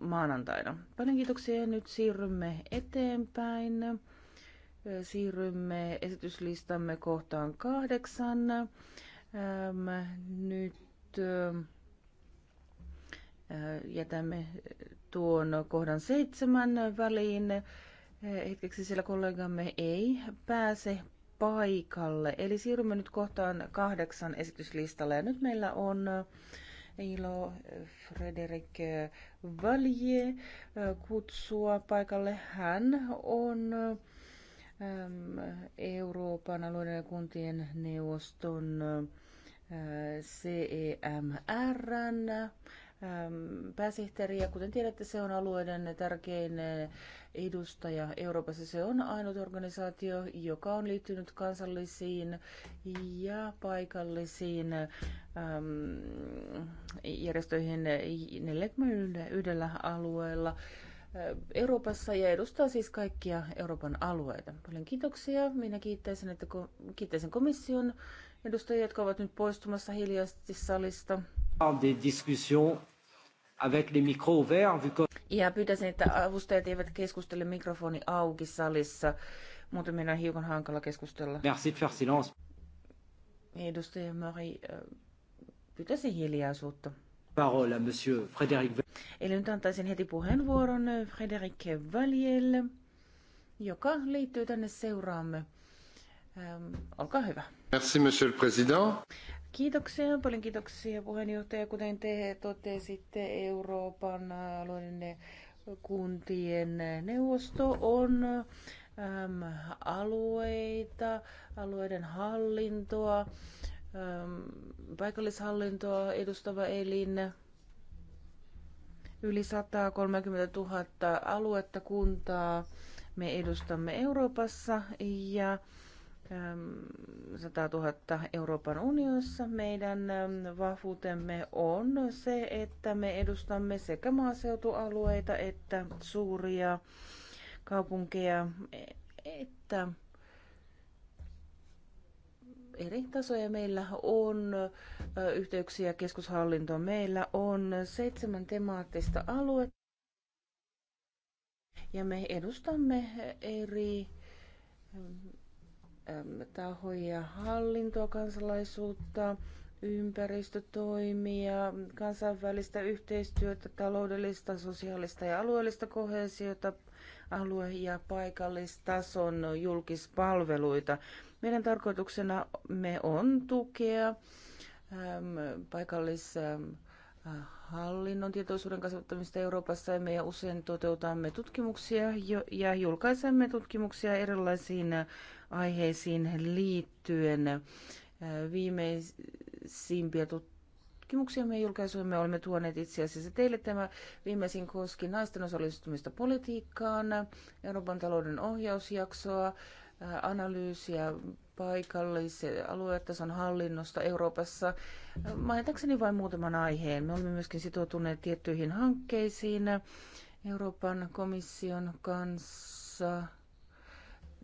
maanantaina. Paljon kiitoksia ja nyt siirrymme eteenpäin. Siirrymme esityslistamme kohtaan kahdeksan. nyt jätämme tuon kohdan seitsemän väliin hetkeksi, siellä kollegamme ei pääse paikalle. Eli siirrymme nyt kohtaan kahdeksan esityslistalle. Ja nyt meillä on äh, ilo Frederik Valje kutsua paikalle. Hän on Euroopan alueiden ja kuntien neuvoston CEMRn pääsihteeri, ja kuten tiedätte, se on alueiden tärkein edustaja Euroopassa. Se on ainut organisaatio, joka on liittynyt kansallisiin ja paikallisiin äm, järjestöihin 41 alueella. Äh, Euroopassa ja edustaa siis kaikkia Euroopan alueita. Paljon kiitoksia. Minä kiittäisin, että ko- kiittäisin komission edustajia, jotka ovat nyt poistumassa hiljaisesti salista avec les micros ouverts, vu que... Ja pyytäisin, että avustajat eivät keskustele mikrofoni auki salissa. Muuten meidän on hiukan hankala keskustella. Merci de faire silence. Edustaja Marie, äh, pyytäisin hiljaisuutta. Parole à monsieur Frédéric Eli nyt antaisin heti puheenvuoron äh, Frédéric Valjelle, joka liittyy tänne seuraamme. Ähm, olkaa hyvä. Merci, monsieur le président. Kiitoksia, paljon kiitoksia puheenjohtaja. Kuten te totesitte, Euroopan alueiden kuntien neuvosto on äm, alueita, alueiden hallintoa, äm, paikallishallintoa edustava elin. Yli 130 000 aluetta kuntaa me edustamme Euroopassa ja 100 ähm, 000 Euroopan unionissa. Meidän ähm, vahvuutemme on se, että me edustamme sekä maaseutualueita että suuria kaupunkeja, e-, että eri tasoja meillä on, yhteyksiä keskushallintoon meillä on seitsemän temaattista aluetta. Ja me edustamme eri tahoja, hallintoa, kansalaisuutta, ympäristötoimia, kansainvälistä yhteistyötä, taloudellista, sosiaalista ja alueellista kohesiota, alue- ja paikallistason julkispalveluita. Meidän tarkoituksena me on tukea hallinnon tietoisuuden kasvattamista Euroopassa ja me usein toteutamme tutkimuksia ja julkaisemme tutkimuksia erilaisiin aiheisiin liittyen. Äh, viimeisimpiä tutkimuksiamme ja julkaisuimme olemme tuoneet itse asiassa teille tämä viimeisin koski naisten osallistumista politiikkaan, Euroopan talouden ohjausjaksoa, äh, analyysiä paikallis- ja aluetason hallinnosta Euroopassa. Äh, mainitakseni vain muutaman aiheen. Me olemme myöskin sitoutuneet tiettyihin hankkeisiin Euroopan komission kanssa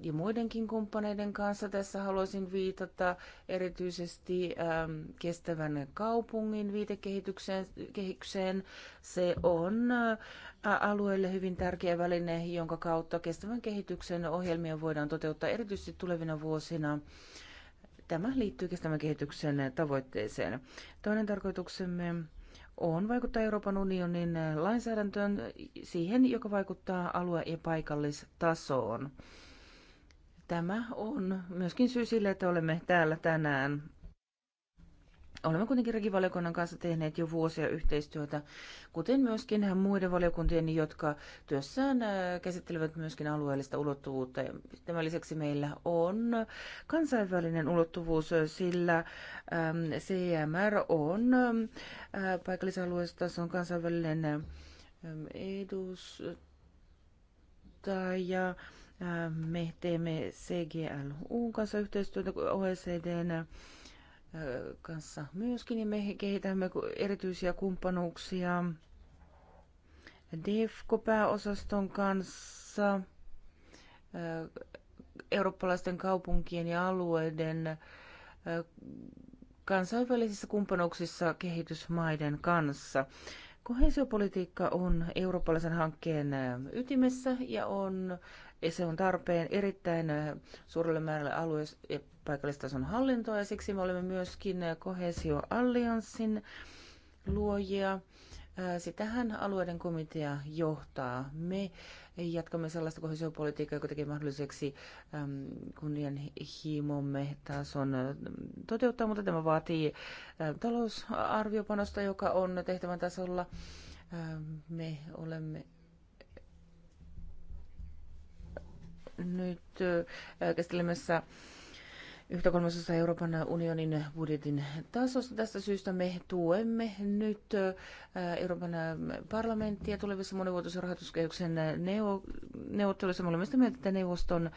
ja muidenkin kumppaneiden kanssa. Tässä haluaisin viitata erityisesti äm, kestävän kaupungin viitekehitykseen. Se on ä, äh, alueelle hyvin tärkeä väline, jonka kautta kestävän kehityksen ohjelmia voidaan toteuttaa erityisesti tulevina vuosina. Tämä liittyy kestävän kehityksen tavoitteeseen. Toinen tarkoituksemme on vaikuttaa Euroopan unionin lainsäädäntöön, siihen, joka vaikuttaa alue- ja paikallistasoon. Tämä on myöskin syy sille, että olemme täällä tänään. Olemme kuitenkin regivaliokunnan kanssa tehneet jo vuosia yhteistyötä, kuten myöskin muiden valiokuntien, jotka työssään äh, käsittelevät myöskin alueellista ulottuvuutta. Tämän lisäksi meillä on kansainvälinen ulottuvuus, sillä ähm, CMR on äh, paikallisalueesta, se on kansainvälinen ähm, edustaja me teemme CGLUn kanssa yhteistyötä OECDn kanssa myöskin, ja me kehitämme erityisiä kumppanuuksia DEFCO-pääosaston kanssa, eurooppalaisten kaupunkien ja alueiden kansainvälisissä kumppanuuksissa kehitysmaiden kanssa. Kohesiopolitiikka on eurooppalaisen hankkeen ytimessä ja on ja se on tarpeen erittäin suurelle määrälle alue- ja paikallistason hallintoa, ja siksi me olemme myöskin Allianssin luojia. Sitähän alueiden komitea johtaa. Me jatkamme sellaista kohesiopolitiikkaa, joka tekee mahdolliseksi kunnianhimomme tason toteuttaa, mutta tämä vaatii talousarviopanosta, joka on tehtävän tasolla. Me olemme nyt käsittelemässä yhtä kolmasosa Euroopan unionin budjetin tasosta. Tästä syystä me tuemme nyt Euroopan parlamenttia tulevissa monivuotoisen rahoituskehyksen neuvotteluissa. Me olemme sitä mieltä, että neuvoston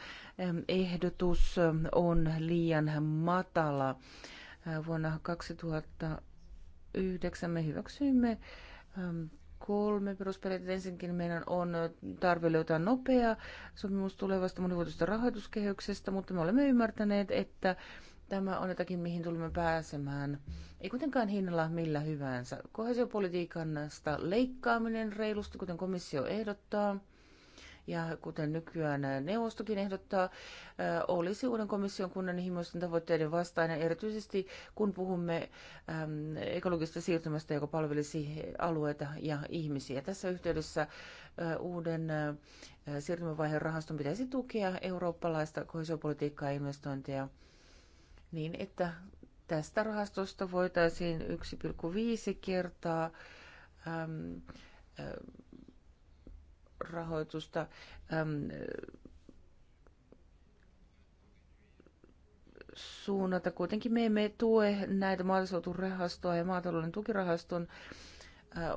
ehdotus on liian matala. Vuonna 2009 me hyväksyimme kolme perusperiaatetta. Ensinnäkin meidän on tarve löytää nopea sopimus tulevasta monivuotisesta rahoituskehyksestä, mutta me olemme ymmärtäneet, että tämä on jotakin, mihin tulemme pääsemään. Ei kuitenkaan hinnalla millä hyvänsä. Kohesiopolitiikan leikkaaminen reilusti, kuten komissio ehdottaa, ja kuten nykyään neuvostokin ehdottaa, olisi uuden komission kunnianhimoisten tavoitteiden vastainen, erityisesti kun puhumme ekologisesta siirtymästä, joka palvelisi alueita ja ihmisiä. Tässä yhteydessä uuden siirtymävaiheen rahaston pitäisi tukea eurooppalaista kohesiopolitiikkaa ja investointeja niin, että tästä rahastosta voitaisiin 1,5 kertaa äm, rahoitusta. Äm, suunnata. Kuitenkin me emme tue näitä maatalousrahastoa ja maatalouden tukirahaston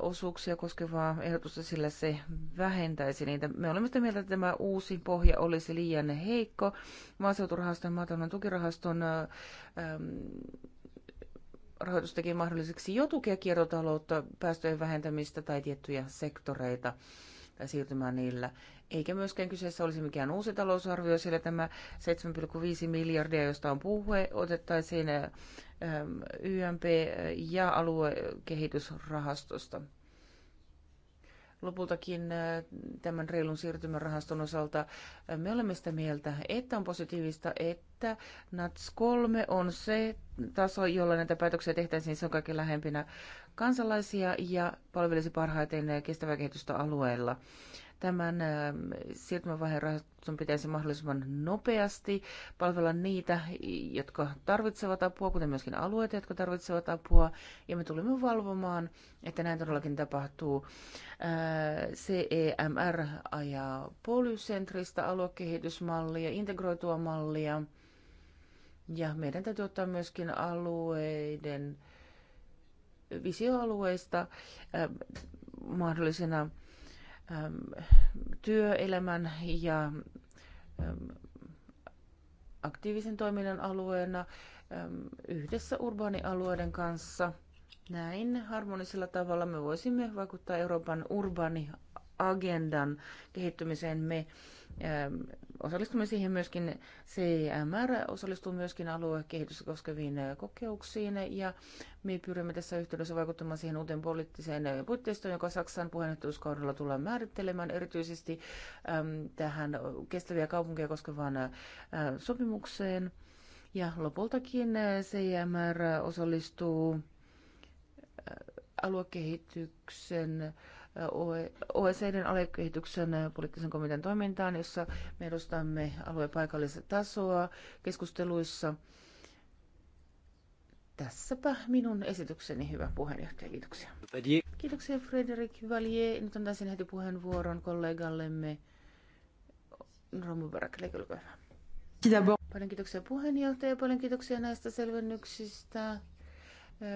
osuuksia koskevaa ehdotusta, sillä se vähentäisi niitä. Me olemme sitä mieltä, että tämä uusi pohja olisi liian heikko. Maaseuturahaston ja maatalouden tukirahaston ähm, rahoitus teki mahdolliseksi jo tukea kiertotaloutta, päästöjen vähentämistä tai tiettyjä sektoreita tai siirtymään niillä. Eikä myöskään kyseessä olisi mikään uusi talousarvio, sillä tämä 7,5 miljardia, josta on puhe, otettaisiin YMP- ja aluekehitysrahastosta lopultakin äh, tämän reilun siirtymän rahaston osalta äh, me olemme sitä mieltä, että on positiivista, että NATS 3 on se taso, jolla näitä päätöksiä tehtäisiin, se on kaikkein lähempinä kansalaisia ja palvelisi parhaiten kestävää kehitystä alueella. Tämän siirtymävaiheen rahaston pitäisi mahdollisimman nopeasti palvella niitä, jotka tarvitsevat apua, kuten myöskin alueita, jotka tarvitsevat apua. Ja me tulemme valvomaan, että näin todellakin tapahtuu. CEMR ajaa polysentristä aluekehitysmallia, integroitua mallia. Ja meidän täytyy ottaa myöskin alueiden visioalueista mahdollisena Ähm, työelämän ja ähm, aktiivisen toiminnan alueena ähm, yhdessä urbaanialueiden kanssa. Näin harmonisella tavalla me voisimme vaikuttaa Euroopan urbaaniagendan kehittymiseen. Me osallistumme siihen myöskin, CMR osallistuu myöskin aluekehitystä koskeviin kokeuksiin ja me pyrimme tässä yhteydessä vaikuttamaan siihen uuteen poliittiseen puitteistoon, joka Saksan puheenjohtajuuskaudella tullaan määrittelemään erityisesti äm, tähän kestäviä kaupunkeja koskevaan ä, sopimukseen. Ja lopultakin CMR osallistuu aluekehityksen OECDn aluekehityksen poliittisen komitean toimintaan, jossa me edustamme aluepaikallista tasoa keskusteluissa. Tässäpä minun esitykseni, hyvä puheenjohtaja. Kiitoksia. Kiitoksia Frederik Valier. Nyt antaisin heti puheenvuoron kollegallemme Romu Barakle, hyvä. Paljon kiitoksia puheenjohtaja, paljon kiitoksia näistä selvennyksistä.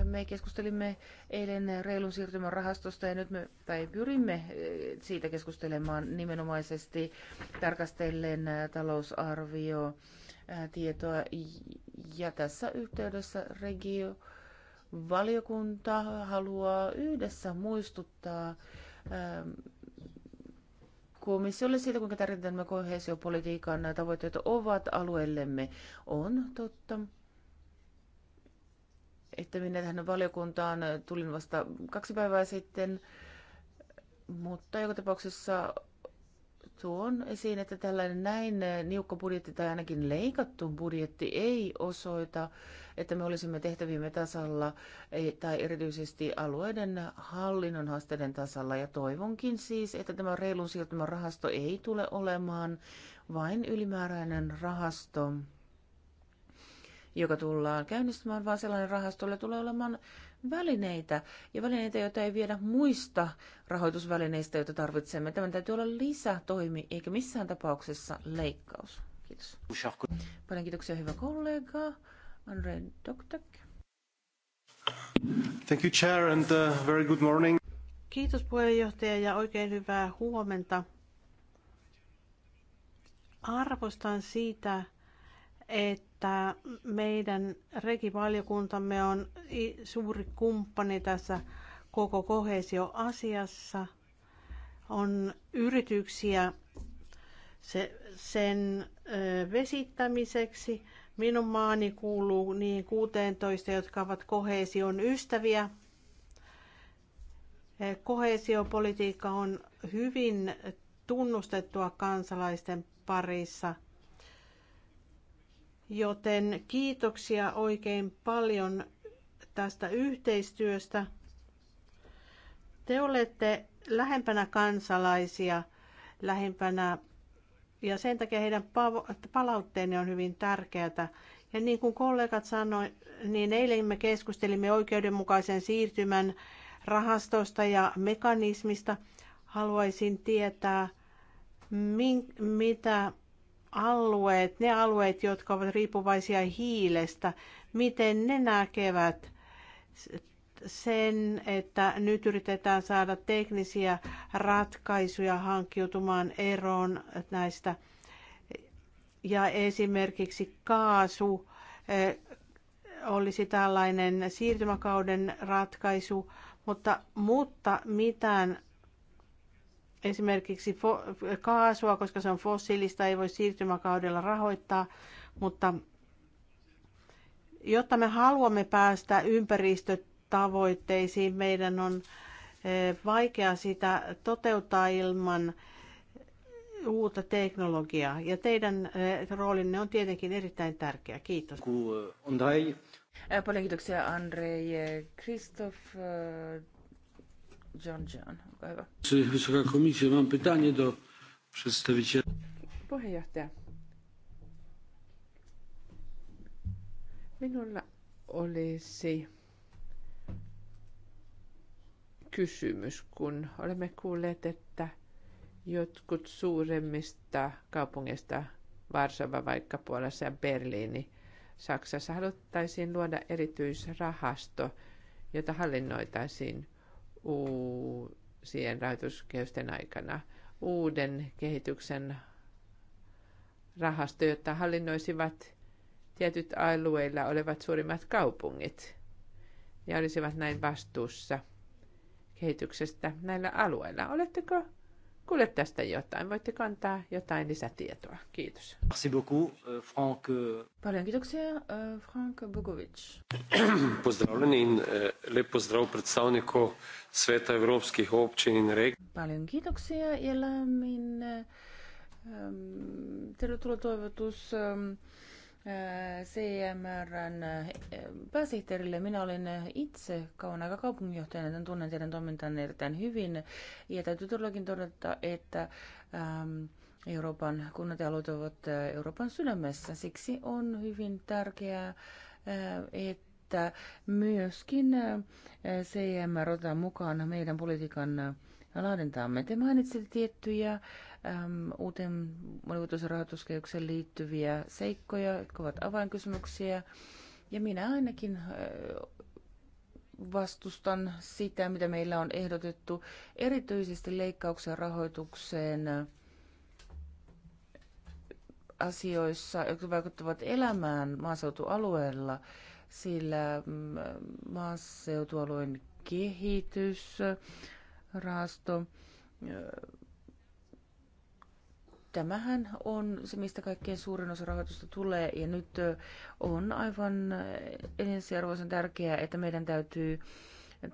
Me keskustelimme eilen reilun siirtymän rahastosta ja nyt me tai pyrimme eh, siitä keskustelemaan nimenomaisesti tarkastellen eh, talousarvio eh, tietoa ja tässä yhteydessä regio valiokunta haluaa yhdessä muistuttaa ehm, komissiolle siitä, kuinka tärkeitä nämä kohesiopolitiikan tavoitteet ovat alueellemme. On totta, että minä tähän valiokuntaan tulin vasta kaksi päivää sitten, mutta joka tapauksessa tuon esiin, että tällainen näin niukka budjetti tai ainakin leikattu budjetti ei osoita, että me olisimme tehtäviimme tasalla tai erityisesti alueiden hallinnon haasteiden tasalla. Ja toivonkin siis, että tämä reilun siirtymän rahasto ei tule olemaan vain ylimääräinen rahasto, joka tullaan käynnistämään, vaan sellainen rahastolle tulee olemaan välineitä ja välineitä, joita ei viedä muista rahoitusvälineistä, joita tarvitsemme. Tämän täytyy olla lisätoimi eikä missään tapauksessa leikkaus. Kiitos. Paljon kiitoksia hyvä kollega Andre Doktek. Thank you, Chair, and uh, very good morning. Kiitos puheenjohtaja ja oikein hyvää huomenta. Arvostan siitä, että meidän regivaliokuntamme on suuri kumppani tässä koko kohesioasiassa. On yrityksiä se, sen vesittämiseksi. Minun maani kuuluu niin 16, jotka ovat kohesion ystäviä. Kohesiopolitiikka on hyvin tunnustettua kansalaisten parissa. Joten kiitoksia oikein paljon tästä yhteistyöstä. Te olette lähempänä kansalaisia, lähempänä ja sen takia heidän palautteenne on hyvin tärkeää. Ja niin kuin kollegat sanoivat, niin eilen me keskustelimme oikeudenmukaisen siirtymän rahastosta ja mekanismista. Haluaisin tietää, mitä alueet, ne alueet, jotka ovat riippuvaisia hiilestä, miten ne näkevät sen, että nyt yritetään saada teknisiä ratkaisuja hankkiutumaan eroon näistä ja esimerkiksi kaasu eh, olisi tällainen siirtymäkauden ratkaisu, mutta, mutta mitään esimerkiksi kaasua, koska se on fossiilista, ei voi siirtymäkaudella rahoittaa, mutta jotta me haluamme päästä ympäristötavoitteisiin, meidän on eh, vaikea sitä toteuttaa ilman eh, uutta teknologiaa. Ja teidän eh, roolinne on tietenkin erittäin tärkeä. Kiitos. Paljon kiitoksia Andrei. Kristoff John John, olkaa hyvä. Wysoka mam pytanie do przedstawiciela. Puheenjohtaja. Minulla olisi kysymys, kun olemme kuulleet, että jotkut suuremmista kaupungeista, Varsava vaikka Puolassa ja Berliini, Saksassa haluttaisiin luoda erityisrahasto, jota hallinnoitaisiin uusien rahoituskehysten aikana uuden kehityksen rahasto, jota hallinnoisivat tietyt alueilla olevat suurimmat kaupungit ja olisivat näin vastuussa kehityksestä näillä alueilla. Oletteko kuule tästä jotain. Voitte kantaa jotain lisätietoa. Kiitos. Merci beaucoup, euh, Frank. Euh. Paljon kiitoksia, euh, Frank Bogovic. Pozdravljenin, lep pozdrav predstavniku Sveta Evropskih općin in reg. Paljon kiitoksia ja lämmin. Ähm, Tervetuloa toivotus ähm, Äh, CMRn äh, pääsihteerille. Minä olin itse kauan aika kaupunginjohtajana, joten tunnen teidän toimintanne erittäin hyvin. Ja täytyy todellakin todeta, että ähm, Euroopan kunnat ja alueet ovat äh, Euroopan sydämessä. Siksi on hyvin tärkeää, että myöskin CMR otetaan mukaan meidän politiikan laadintaamme. Te mainitsitte tiettyjä äm, uuteen monivuotoisen liittyviä seikkoja, jotka ovat avainkysymyksiä. Ja minä ainakin äh, vastustan sitä, mitä meillä on ehdotettu, erityisesti leikkauksen rahoitukseen äh, asioissa, jotka vaikuttavat elämään maaseutualueella, sillä mm, maaseutualueen kehitys, äh, rahasto, tämähän on se, mistä kaikkein suurin osa rahoitusta tulee. Ja nyt on aivan ensiarvoisen tärkeää, että meidän täytyy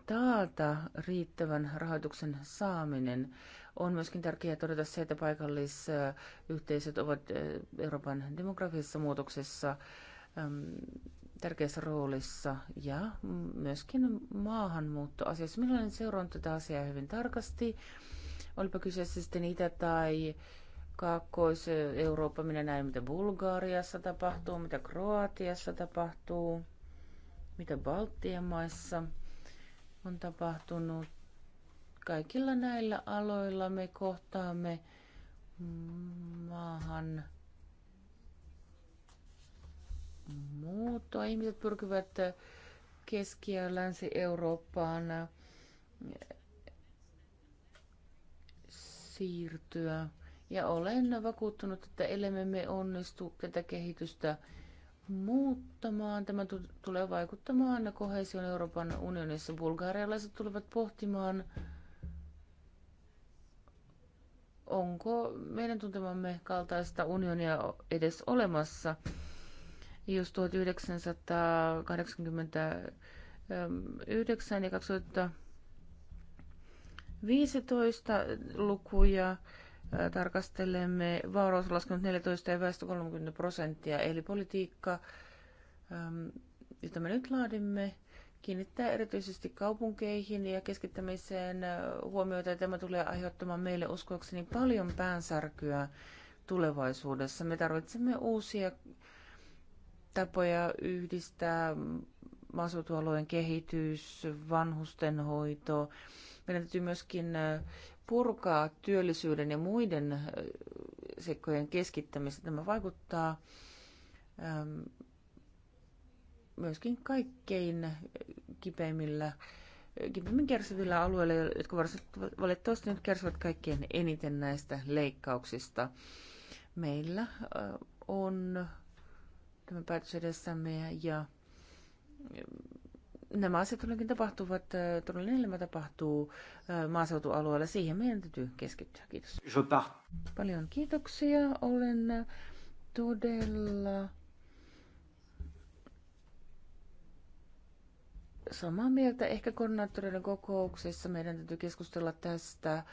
taata riittävän rahoituksen saaminen. On myöskin tärkeää todeta se, että paikallisyhteisöt ovat Euroopan demografisessa muutoksessa tärkeässä roolissa ja myöskin maahanmuuttoasioissa. Millainen seurannut tätä asiaa hyvin tarkasti? Olipa kyseessä sitten Itä- tai Kaakkois-Eurooppa, minä näin mitä Bulgaariassa tapahtuu, mitä Kroatiassa tapahtuu, mitä Baltian maissa on tapahtunut. Kaikilla näillä aloilla me kohtaamme maahan muuttoa. Ihmiset pyrkivät Keski- ja Länsi-Eurooppaan siirtyä ja olen vakuuttunut, että ellemme me onnistu tätä kehitystä muuttamaan, tämä tulee vaikuttamaan kohesion Euroopan unionissa. Bulgarialaiset tulevat pohtimaan, onko meidän tuntemamme kaltaista unionia edes olemassa. Jos 1989 ja 2015 lukuja tarkastelemme, vauraus laskenut 14 ja väestö 30 prosenttia, eli politiikka, ähm, jota me nyt laadimme, kiinnittää erityisesti kaupunkeihin ja keskittämiseen äh, huomiota, ja tämä tulee aiheuttamaan meille uskoakseni paljon päänsärkyä tulevaisuudessa. Me tarvitsemme uusia tapoja yhdistää maaseutualueen kehitys, vanhustenhoito. Meidän täytyy myöskin äh, purkaa työllisyyden ja muiden sekkojen keskittämistä. Tämä vaikuttaa myöskin kaikkein kipeimmillä, kipeimmin kärsivillä alueilla, jotka valitettavasti nyt kärsivät kaikkein eniten näistä leikkauksista. Meillä on tämä päätös edessämme ja nämä asiat todellakin tapahtuvat, äh, todellinen elämä tapahtuu äh, maaseutualueella. Siihen meidän täytyy keskittyä. Kiitos. Jota. Paljon kiitoksia. Olen todella samaa mieltä. Ehkä koordinaattoreiden kokouksessa meidän täytyy keskustella tästä,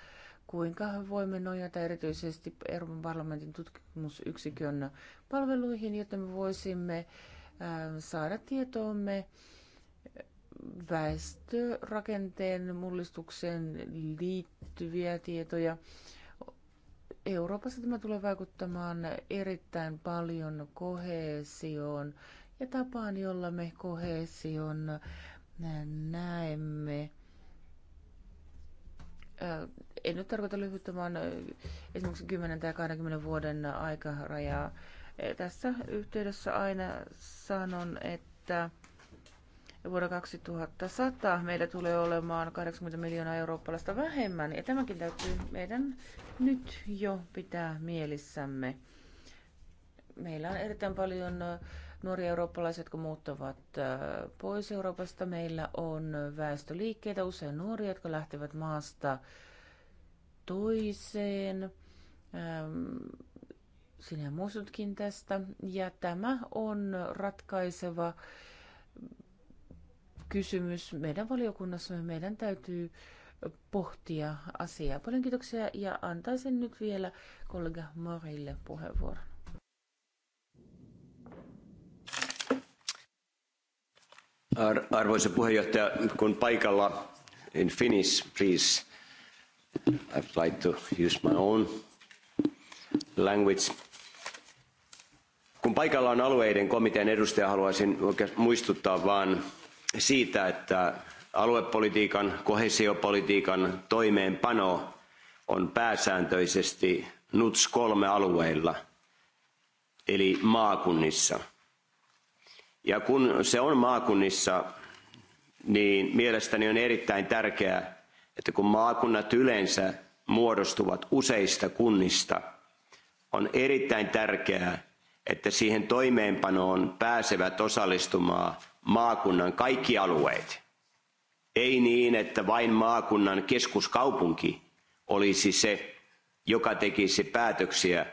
kuinka voimme nojata erityisesti Euroopan parlamentin tutkimusyksikön palveluihin, jotta me voisimme äh, saada tietoomme väestörakenteen mullistukseen liittyviä tietoja. Euroopassa tämä tulee vaikuttamaan erittäin paljon kohesioon ja tapaan, jolla me kohesion näemme. En nyt tarkoita lyhyttämään esimerkiksi 10 tai 20 vuoden aikarajaa. Tässä yhteydessä aina sanon, että ja vuonna 2100 meillä tulee olemaan 80 miljoonaa eurooppalaista vähemmän. Ja tämäkin täytyy meidän nyt jo pitää mielissämme. Meillä on erittäin paljon nuoria eurooppalaisia, jotka muuttavat pois Euroopasta. Meillä on väestöliikkeitä, usein nuoria, jotka lähtevät maasta toiseen. Sinä muistutkin tästä. Ja tämä on ratkaiseva kysymys. Meidän valiokunnassamme meidän täytyy pohtia asiaa. Paljon kiitoksia ja antaisin nyt vielä kollega Marille puheenvuoron. Ar- arvoisa puheenjohtaja, kun paikalla in Finnish, please. I'd like to use my own language. Kun paikalla on alueiden komitean edustaja, haluaisin muistuttaa vaan siitä, että aluepolitiikan, koheesiopolitiikan toimeenpano on pääsääntöisesti NUTS kolme alueilla, eli maakunnissa. Ja kun se on maakunnissa, niin mielestäni on erittäin tärkeää, että kun maakunnat yleensä muodostuvat useista kunnista, on erittäin tärkeää, että siihen toimeenpanoon pääsevät osallistumaan maakunnan kaikki alueet. Ei niin, että vain maakunnan keskuskaupunki olisi se, joka tekisi päätöksiä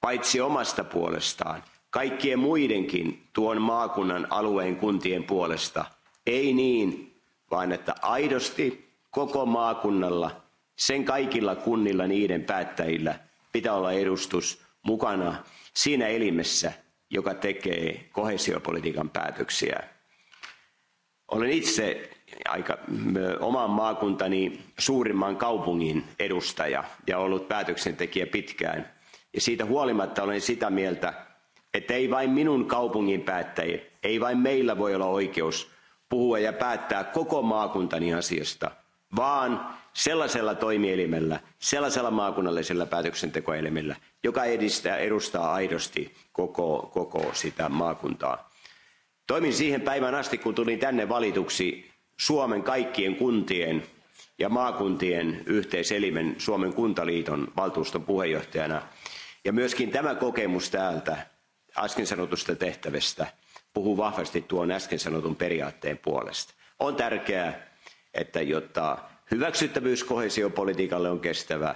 paitsi omasta puolestaan, kaikkien muidenkin tuon maakunnan alueen kuntien puolesta. Ei niin, vaan että aidosti koko maakunnalla, sen kaikilla kunnilla, niiden päättäjillä pitää olla edustus mukana siinä elimessä, joka tekee kohesiopolitiikan päätöksiä. Olen itse aika oman maakuntani suurimman kaupungin edustaja ja ollut päätöksentekijä pitkään. Ja siitä huolimatta olen sitä mieltä, että ei vain minun kaupungin päättäjien, ei vain meillä voi olla oikeus puhua ja päättää koko maakuntani asiasta, vaan sellaisella toimielimellä, sellaisella maakunnallisella päätöksentekoelimellä, joka edistää, edustaa aidosti koko, koko sitä maakuntaa toimin siihen päivään asti kun tulin tänne valituksi suomen kaikkien kuntien ja maakuntien yhteiselimen suomen kuntaliiton valtuuston puheenjohtajana ja myöskin tämä kokemus täältä äsken sanotusta tehtävästä puhuu vahvasti tuon äsken sanotun periaatteen puolesta. on tärkeää että jotta hyväksyttävyys koheesiopolitiikalle on kestävä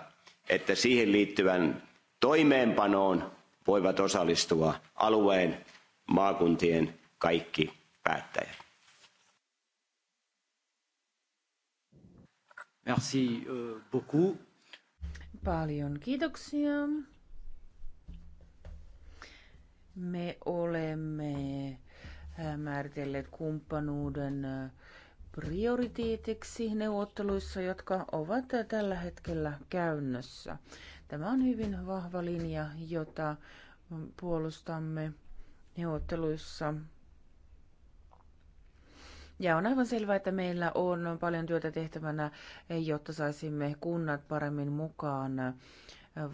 että siihen liittyvän toimeenpanoon voivat osallistua alueen maakuntien kaikki päättäjät. Merci euh, beaucoup. Paljon kiitoksia. Me olemme äh, määritelleet kumppanuuden äh, prioriteetiksi neuvotteluissa, jotka ovat äh, tällä hetkellä käynnössä. Tämä on hyvin vahva linja, jota puolustamme neuvotteluissa ja on aivan selvää, että meillä on paljon työtä tehtävänä, jotta saisimme kunnat paremmin mukaan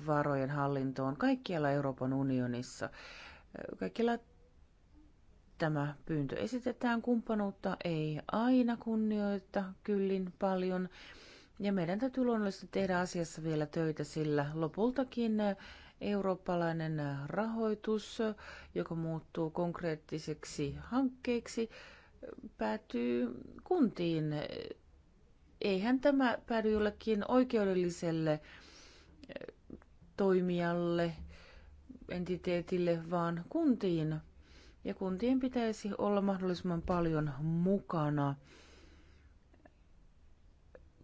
varojen hallintoon kaikkialla Euroopan unionissa. Kaikilla tämä pyyntö esitetään, kumppanuutta ei aina kunnioita kyllin paljon. Ja meidän täytyy luonnollisesti tehdä asiassa vielä töitä, sillä lopultakin eurooppalainen rahoitus, joka muuttuu konkreettiseksi hankkeeksi, päätyy kuntiin. Eihän tämä päädy jollekin oikeudelliselle eh, toimijalle, entiteetille, vaan kuntiin. Ja kuntien pitäisi olla mahdollisimman paljon mukana,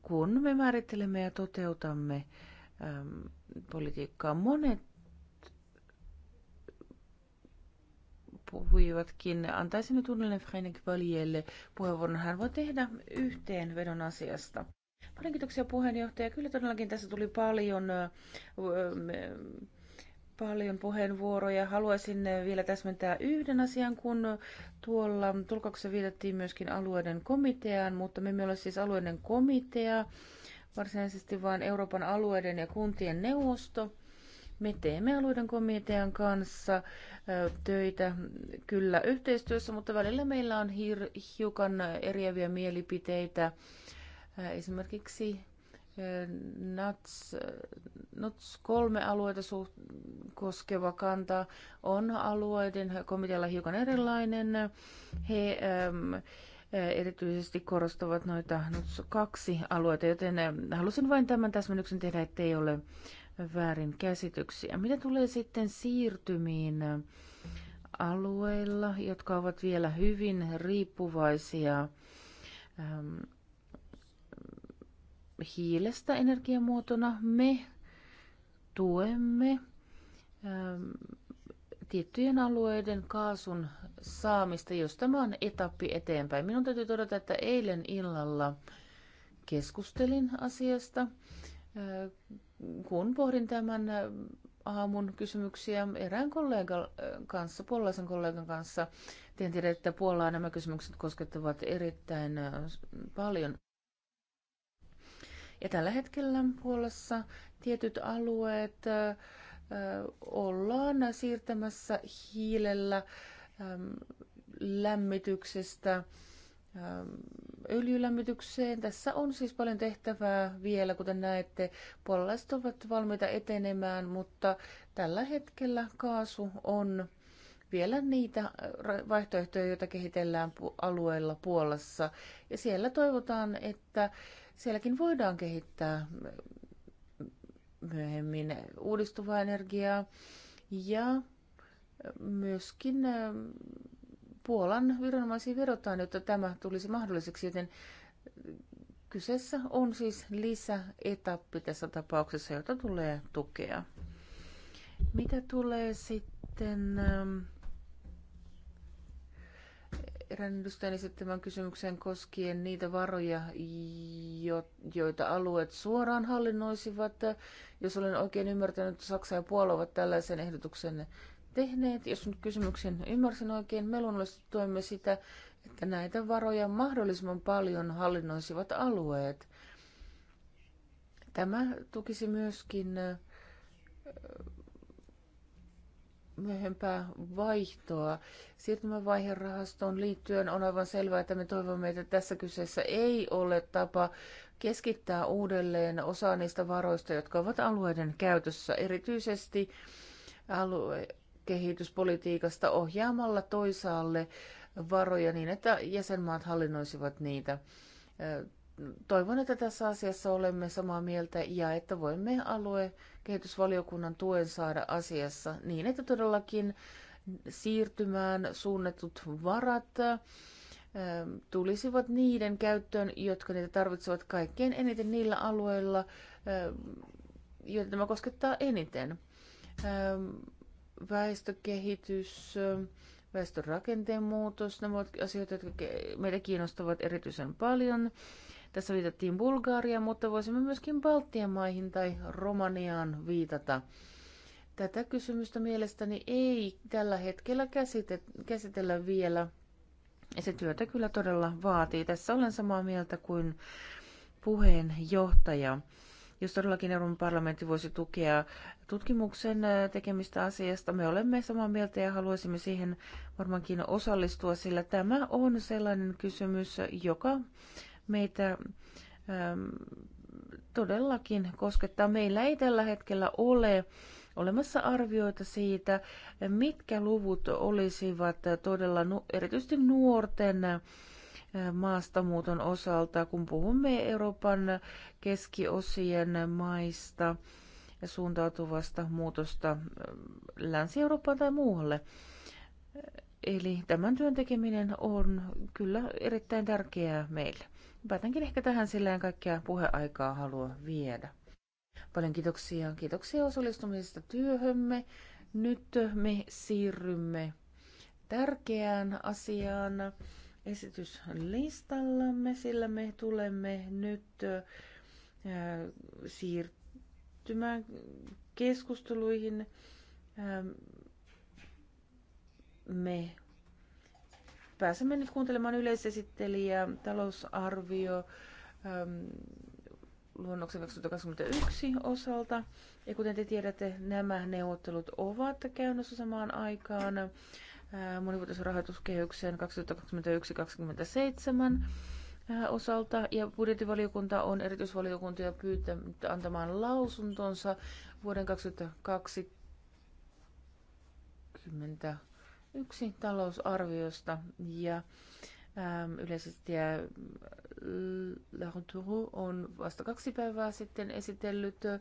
kun me määrittelemme ja toteutamme politiikkaa. Monet puhuivatkin. Antaisin nyt uudelleen Freine Valjelle puheenvuoron. Hän voi tehdä yhteenvedon asiasta. Paljon kiitoksia puheenjohtaja. Kyllä todellakin tässä tuli paljon, paljon puheenvuoroja. Haluaisin vielä täsmentää yhden asian, kun tuolla tulkauksessa viitattiin myöskin alueiden komiteaan, mutta me emme ole siis alueiden komitea varsinaisesti, vaan Euroopan alueiden ja kuntien neuvosto. Me teemme alueiden komitean kanssa töitä kyllä yhteistyössä, mutta välillä meillä on hiukan eriäviä mielipiteitä. Esimerkiksi NUTS 3 alueita suht, koskeva kanta on alueiden komitealla hiukan erilainen. He äm, erityisesti korostavat noita NUTS 2 alueita, joten halusin vain tämän täsmennyksen tehdä, ettei ole väärinkäsityksiä. Mitä tulee sitten siirtymiin alueilla, jotka ovat vielä hyvin riippuvaisia ähm, hiilestä energiamuotona, me tuemme ähm, tiettyjen alueiden kaasun saamista, jos tämä on etappi eteenpäin. Minun täytyy todeta, että eilen illalla keskustelin asiasta äh, kun pohdin tämän äh, aamun kysymyksiä erään kollegan äh, kanssa, puolalaisen kollegan kanssa. Tien tiedä, että Puolaa nämä kysymykset koskettavat erittäin äh, paljon. Ja tällä hetkellä Puolassa tietyt alueet ollaan siirtämässä hiilellä lämmityksestä öljylämmitykseen. Tässä on siis paljon tehtävää vielä, kuten näette. Puolalaiset ovat valmiita etenemään, mutta tällä hetkellä kaasu on vielä niitä äh, vaihtoehtoja, joita kehitellään alueella Puolassa. Ja siellä toivotaan, että sielläkin voidaan kehittää myöhemmin uudistuvaa energiaa ja myöskin ähm, Puolan viranomaisiin vedotaan, jotta tämä tulisi mahdolliseksi, joten kyseessä on siis lisäetappi tässä tapauksessa, jota tulee tukea. Mitä tulee sitten ähm, erään edustajan esittämään kysymykseen koskien niitä varoja, joita alueet suoraan hallinnoisivat. Äh, jos olen oikein ymmärtänyt, Saksa ja Puola ovat tällaisen ehdotuksen tehneet. Jos nyt kysymyksen ymmärsin oikein, me luonnollisesti toimme sitä, että näitä varoja mahdollisimman paljon hallinnoisivat alueet. Tämä tukisi myöskin myöhempää vaihtoa. rahastoon liittyen on aivan selvää, että me toivomme, että tässä kyseessä ei ole tapa keskittää uudelleen osa niistä varoista, jotka ovat alueiden käytössä, erityisesti alue, kehityspolitiikasta ohjaamalla toisaalle varoja niin, että jäsenmaat hallinnoisivat niitä. Toivon, että tässä asiassa olemme samaa mieltä ja että voimme alue kehitysvaliokunnan tuen saada asiassa niin, että todellakin siirtymään suunnatut varat tulisivat niiden käyttöön, jotka niitä tarvitsevat kaikkein eniten niillä alueilla, joita tämä koskettaa eniten väestökehitys, väestörakenteen muutos, nämä ovat asioita, jotka meitä kiinnostavat erityisen paljon. Tässä viitattiin Bulgaaria, mutta voisimme myöskin Baltian maihin tai Romaniaan viitata. Tätä kysymystä mielestäni ei tällä hetkellä käsite- käsitellä vielä. Ja se työtä kyllä todella vaatii. Tässä olen samaa mieltä kuin puheenjohtaja. Jos todellakin Euroopan parlamentti voisi tukea tutkimuksen äh, tekemistä asiasta. Me olemme samaa mieltä ja haluaisimme siihen varmaankin osallistua, sillä tämä on sellainen kysymys, joka meitä ähm, todellakin koskettaa. Meillä ei tällä hetkellä ole olemassa arvioita siitä, mitkä luvut olisivat todella erityisesti nuorten äh, maastamuuton osalta, kun puhumme Euroopan keskiosien maista – suuntautuvasta muutosta Länsi-Eurooppaan tai muualle. Eli tämän työn tekeminen on kyllä erittäin tärkeää meille. Päätänkin ehkä tähän, sillä en kaikkea puheaikaa halua viedä. Paljon kiitoksia. Kiitoksia osallistumisesta työhömme. Nyt me siirrymme tärkeään asiaan esityslistallamme, sillä me tulemme nyt siirtymään liittymään keskusteluihin. Ähm, me pääsemme nyt kuuntelemaan yleisesittelijä, talousarvio, ähm, luonnoksen 2021 osalta. Ja kuten te tiedätte, nämä neuvottelut ovat käynnissä samaan aikaan äh, monivuotisen rahoituskehyksen 2021 Äh, osalta ja budjettivaliokunta on erityisvaliokuntia pyytänyt antamaan lausuntonsa vuoden 2021 talousarviosta ja ähm, yleisesti ja äh, La on vasta kaksi päivää sitten esitellyt ähm,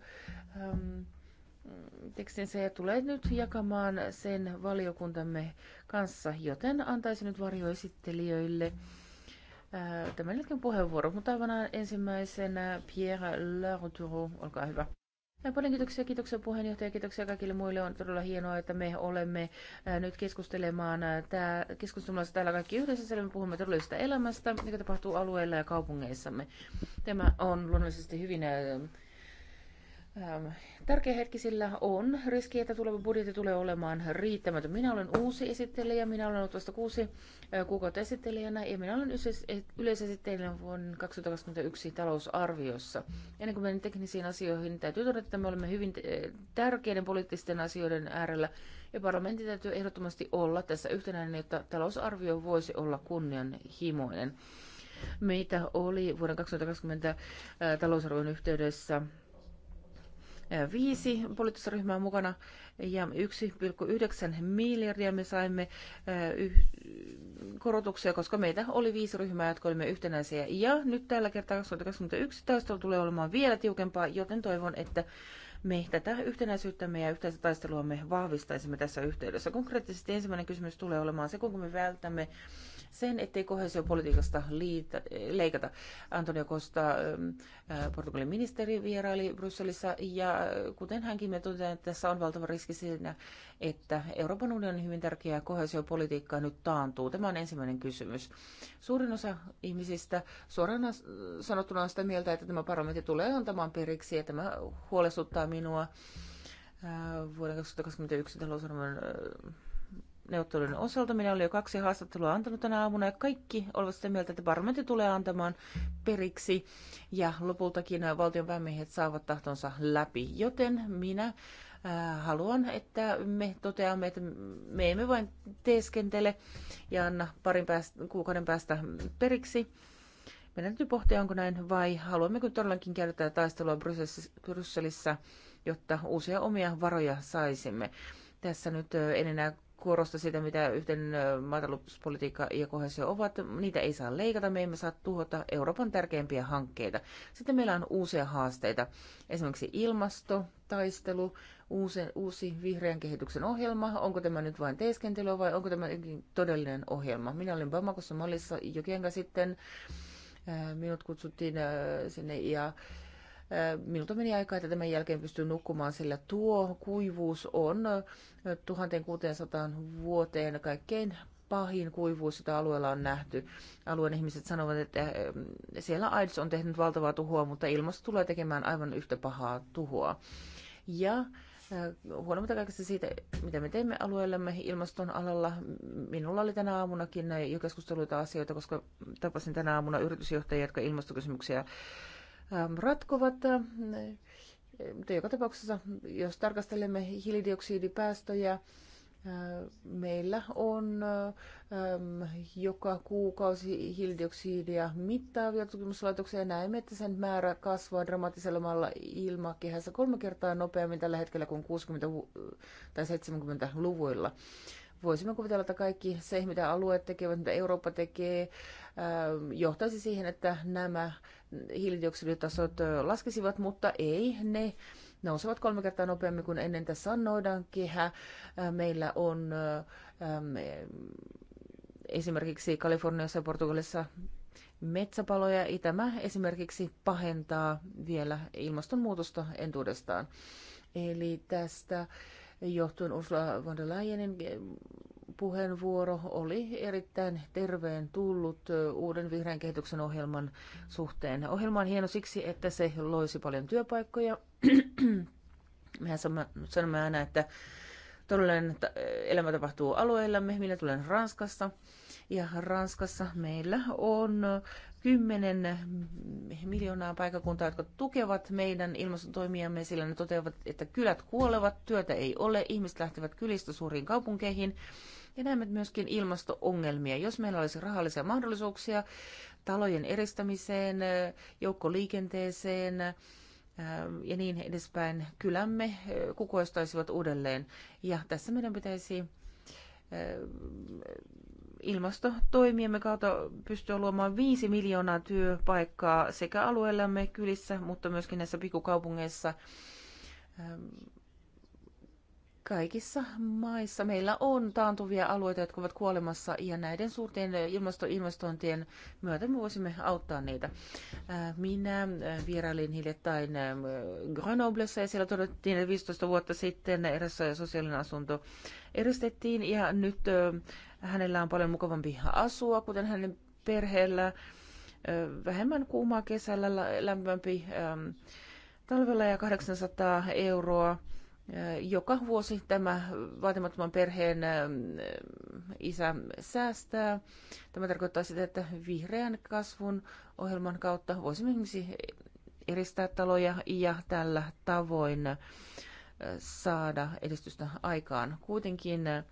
tekstinsä ja tulee nyt jakamaan sen valiokuntamme kanssa, joten antaisin nyt varjoesittelijöille mm Äh, tämän jälkeen puheenvuoro, mutta aivan ensimmäisenä Pierre Laroutureau, olkaa hyvä. Ja äh, paljon kiitoksia, kiitoksia puheenjohtaja, kiitoksia kaikille muille. On todella hienoa, että me olemme äh, nyt keskustelemaan tää, keskustelemassa täällä kaikki yhdessä, sillä me puhumme todellisesta elämästä, mikä tapahtuu alueilla ja kaupungeissamme. Tämä on luonnollisesti hyvin Tärkeä hetki sillä on riski, että tuleva budjetti tulee olemaan riittämätön. Minä olen uusi esittelijä, minä olen ollut vasta kuusi kuukautta esittelijänä ja minä olen yleisesittelijänä vuonna 2021 talousarviossa. Ennen kuin menen teknisiin asioihin, täytyy todeta, että me olemme hyvin tärkeiden poliittisten asioiden äärellä ja parlamentti täytyy ehdottomasti olla tässä yhtenäinen, jotta talousarvio voisi olla kunnianhimoinen. Meitä oli vuoden 2020 talousarvion yhteydessä viisi poliittista mukana ja 1,9 miljardia me saimme korotuksia, koska meitä oli viisi ryhmää, jotka olimme yhtenäisiä. Ja nyt tällä kertaa 2021 taistelu tulee olemaan vielä tiukempaa, joten toivon, että me tätä yhtenäisyyttämme ja yhteistä me vahvistaisimme tässä yhteydessä. Konkreettisesti ensimmäinen kysymys tulee olemaan se, kun me vältämme sen, ettei kohesiopolitiikasta liita, leikata. Antonio Costa, ähm, äh, Portugalin ministeri, vieraili Brysselissä ja äh, kuten hänkin me totean, että tässä on valtava riski siinä, että Euroopan unionin hyvin tärkeää kohesiopolitiikkaa nyt taantuu. Tämä on ensimmäinen kysymys. Suurin osa ihmisistä suoraan sanottuna on sitä mieltä, että tämä parlamentti tulee antamaan periksi ja tämä huolestuttaa minua äh, vuoden 2021 talousarvon neuvottelujen osalta. Minä olin jo kaksi haastattelua antanut tänä aamuna ja kaikki olivat sitä mieltä, että parlamentti tulee antamaan periksi ja lopultakin valtion päämiehet saavat tahtonsa läpi. Joten minä äh, haluan, että me toteamme, että me emme vain teeskentele ja anna parin päästä, kuukauden päästä periksi. Meidän täytyy pohtia, onko näin vai haluammeko todellakin käydä tätä taistelua Brysselissä, jotta uusia omia varoja saisimme. Tässä nyt äh, en enää korosta sitä, mitä yhden maatalouspolitiikka ja kohesio ovat. Niitä ei saa leikata, me emme saa tuhota Euroopan tärkeimpiä hankkeita. Sitten meillä on uusia haasteita, esimerkiksi ilmasto, taistelu, uusi, uusi vihreän kehityksen ohjelma. Onko tämä nyt vain teeskentelyä vai onko tämä todellinen ohjelma? Minä olin Bamakossa mallissa jokin sitten. Minut kutsuttiin sinne ja Minulta meni aikaa, että tämän jälkeen pystyy nukkumaan, sillä tuo kuivuus on 1600 vuoteen kaikkein pahin kuivuus, jota alueella on nähty. Alueen ihmiset sanovat, että siellä AIDS on tehnyt valtavaa tuhoa, mutta ilmasto tulee tekemään aivan yhtä pahaa tuhoa. Ja huolimatta kaikesta siitä, mitä me teemme alueellemme ilmaston alalla, minulla oli tänä aamunakin jo keskusteluita asioita, koska tapasin tänä aamuna yritysjohtajia, jotka ilmastokysymyksiä Ähm, ratkovat. Ähm, mutta joka tapauksessa, jos tarkastelemme hiilidioksidipäästöjä, äh, meillä on ähm, joka kuukausi hiilidioksidia mittaavia tutkimuslaitoksia. Näemme, että sen määrä kasvaa dramaattisella ilmakehässä kolme kertaa nopeammin tällä hetkellä kuin 60- tai 70-luvuilla. Voisimme kuvitella, että kaikki se, mitä alueet tekevät, mitä Eurooppa tekee, johtaisi siihen, että nämä hiilidioksiditasot laskisivat, mutta ei ne nousevat kolme kertaa nopeammin kuin ennen. Tässä on kehä. Meillä on äm, e, esimerkiksi Kaliforniassa ja Portugalissa metsäpaloja. Itämä esimerkiksi pahentaa vielä ilmastonmuutosta entuudestaan. Eli tästä johtuen Ursula von der Leyenin puheenvuoro oli erittäin terveen tullut uuden vihreän kehityksen ohjelman suhteen. Ohjelma on hieno siksi, että se loisi paljon työpaikkoja. Mehän sanomme aina, että todellinen elämä tapahtuu alueillamme. Minä tulen Ranskassa. Ja Ranskassa meillä on 10 miljoonaa paikakuntaa, jotka tukevat meidän ilmastotoimiamme, sillä ne toteavat, että kylät kuolevat, työtä ei ole, ihmiset lähtevät kylistä suuriin kaupunkeihin. Ja näemme myöskin ilmastoongelmia. Jos meillä olisi rahallisia mahdollisuuksia talojen eristämiseen, joukkoliikenteeseen, ja niin edespäin, kylämme kukoistaisivat uudelleen. Ja tässä meidän pitäisi ilmastotoimiemme kautta pystyä luomaan 5 miljoonaa työpaikkaa sekä alueellamme kylissä, mutta myöskin näissä pikkukaupungeissa Kaikissa maissa meillä on taantuvia alueita, jotka ovat kuolemassa, ja näiden suurten ilmastoinvestointien myötä me voisimme auttaa niitä. Äh, minä äh, vierailin hiljattain äh, Grenoblessa, ja siellä todettiin 15 vuotta sitten eräs sosiaalinen asunto eristettiin, ja nyt hänellä on paljon mukavampi asua, kuten hänen perheellä. Vähemmän kuumaa kesällä, lämpimämpi ähm, talvella ja 800 euroa joka vuosi tämä vaatimattoman perheen isä säästää. Tämä tarkoittaa sitä, että vihreän kasvun ohjelman kautta voisimme esimerkiksi eristää taloja ja tällä tavoin saada edistystä aikaan. Kuitenkin äh,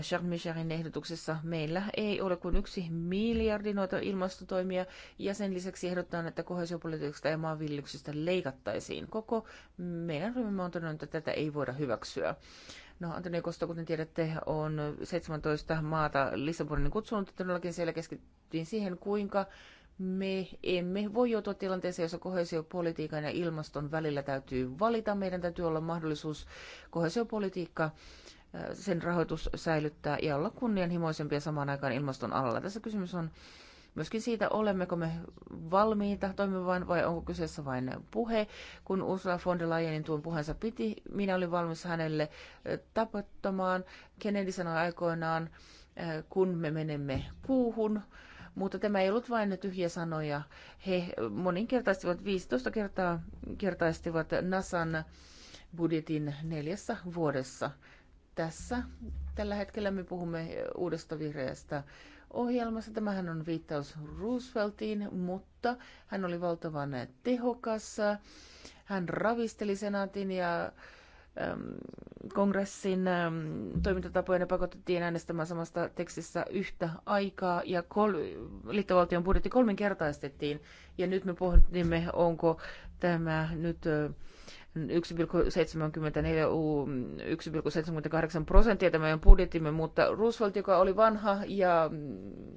Charles Michelin ehdotuksessa meillä ei ole kuin yksi miljardi noita ilmastotoimia, ja sen lisäksi ehdotetaan, että kohesiopolitiikasta ja maanviljelyksestä leikattaisiin. Koko meidän ryhmämme on todennut, että tätä ei voida hyväksyä. No Antoni Kosto, kuten tiedätte, on 17 maata Lissabonin kutsunut. Todellakin siellä keskityttiin siihen, kuinka me emme voi joutua tilanteeseen, jossa kohesiopolitiikan ja ilmaston välillä täytyy valita. Meidän täytyy olla mahdollisuus kohesiopolitiikka äh, sen rahoitus säilyttää ja olla kunnianhimoisempia samaan aikaan ilmaston alalla. Tässä kysymys on myöskin siitä, olemmeko me valmiita toimimaan vai onko kyseessä vain puhe. Kun Ursula von der Leyenin tuon puheensa piti, minä olin valmis hänelle äh, tapottamaan. Kennedy sanoi aikoinaan, äh, kun me menemme kuuhun, mutta tämä ei ollut vain tyhjiä sanoja. He moninkertaistivat 15 kertaa kertaistivat NASAn budjetin neljässä vuodessa. Tässä tällä hetkellä me puhumme uudesta vihreästä ohjelmasta. Tämähän on viittaus Rooseveltiin, mutta hän oli valtavan tehokas. Hän ravisteli senaatin ja Ähm, kongressin ähm, toimintatapoja pakotettiin äänestämään samasta tekstissä yhtä aikaa ja kol- liittovaltion budjetti kolminkertaistettiin. Ja nyt me pohdimme, onko tämä nyt 1,74 äh, 1,78 prosenttia tämä on budjettimme, mutta Roosevelt, joka oli vanha ja mm,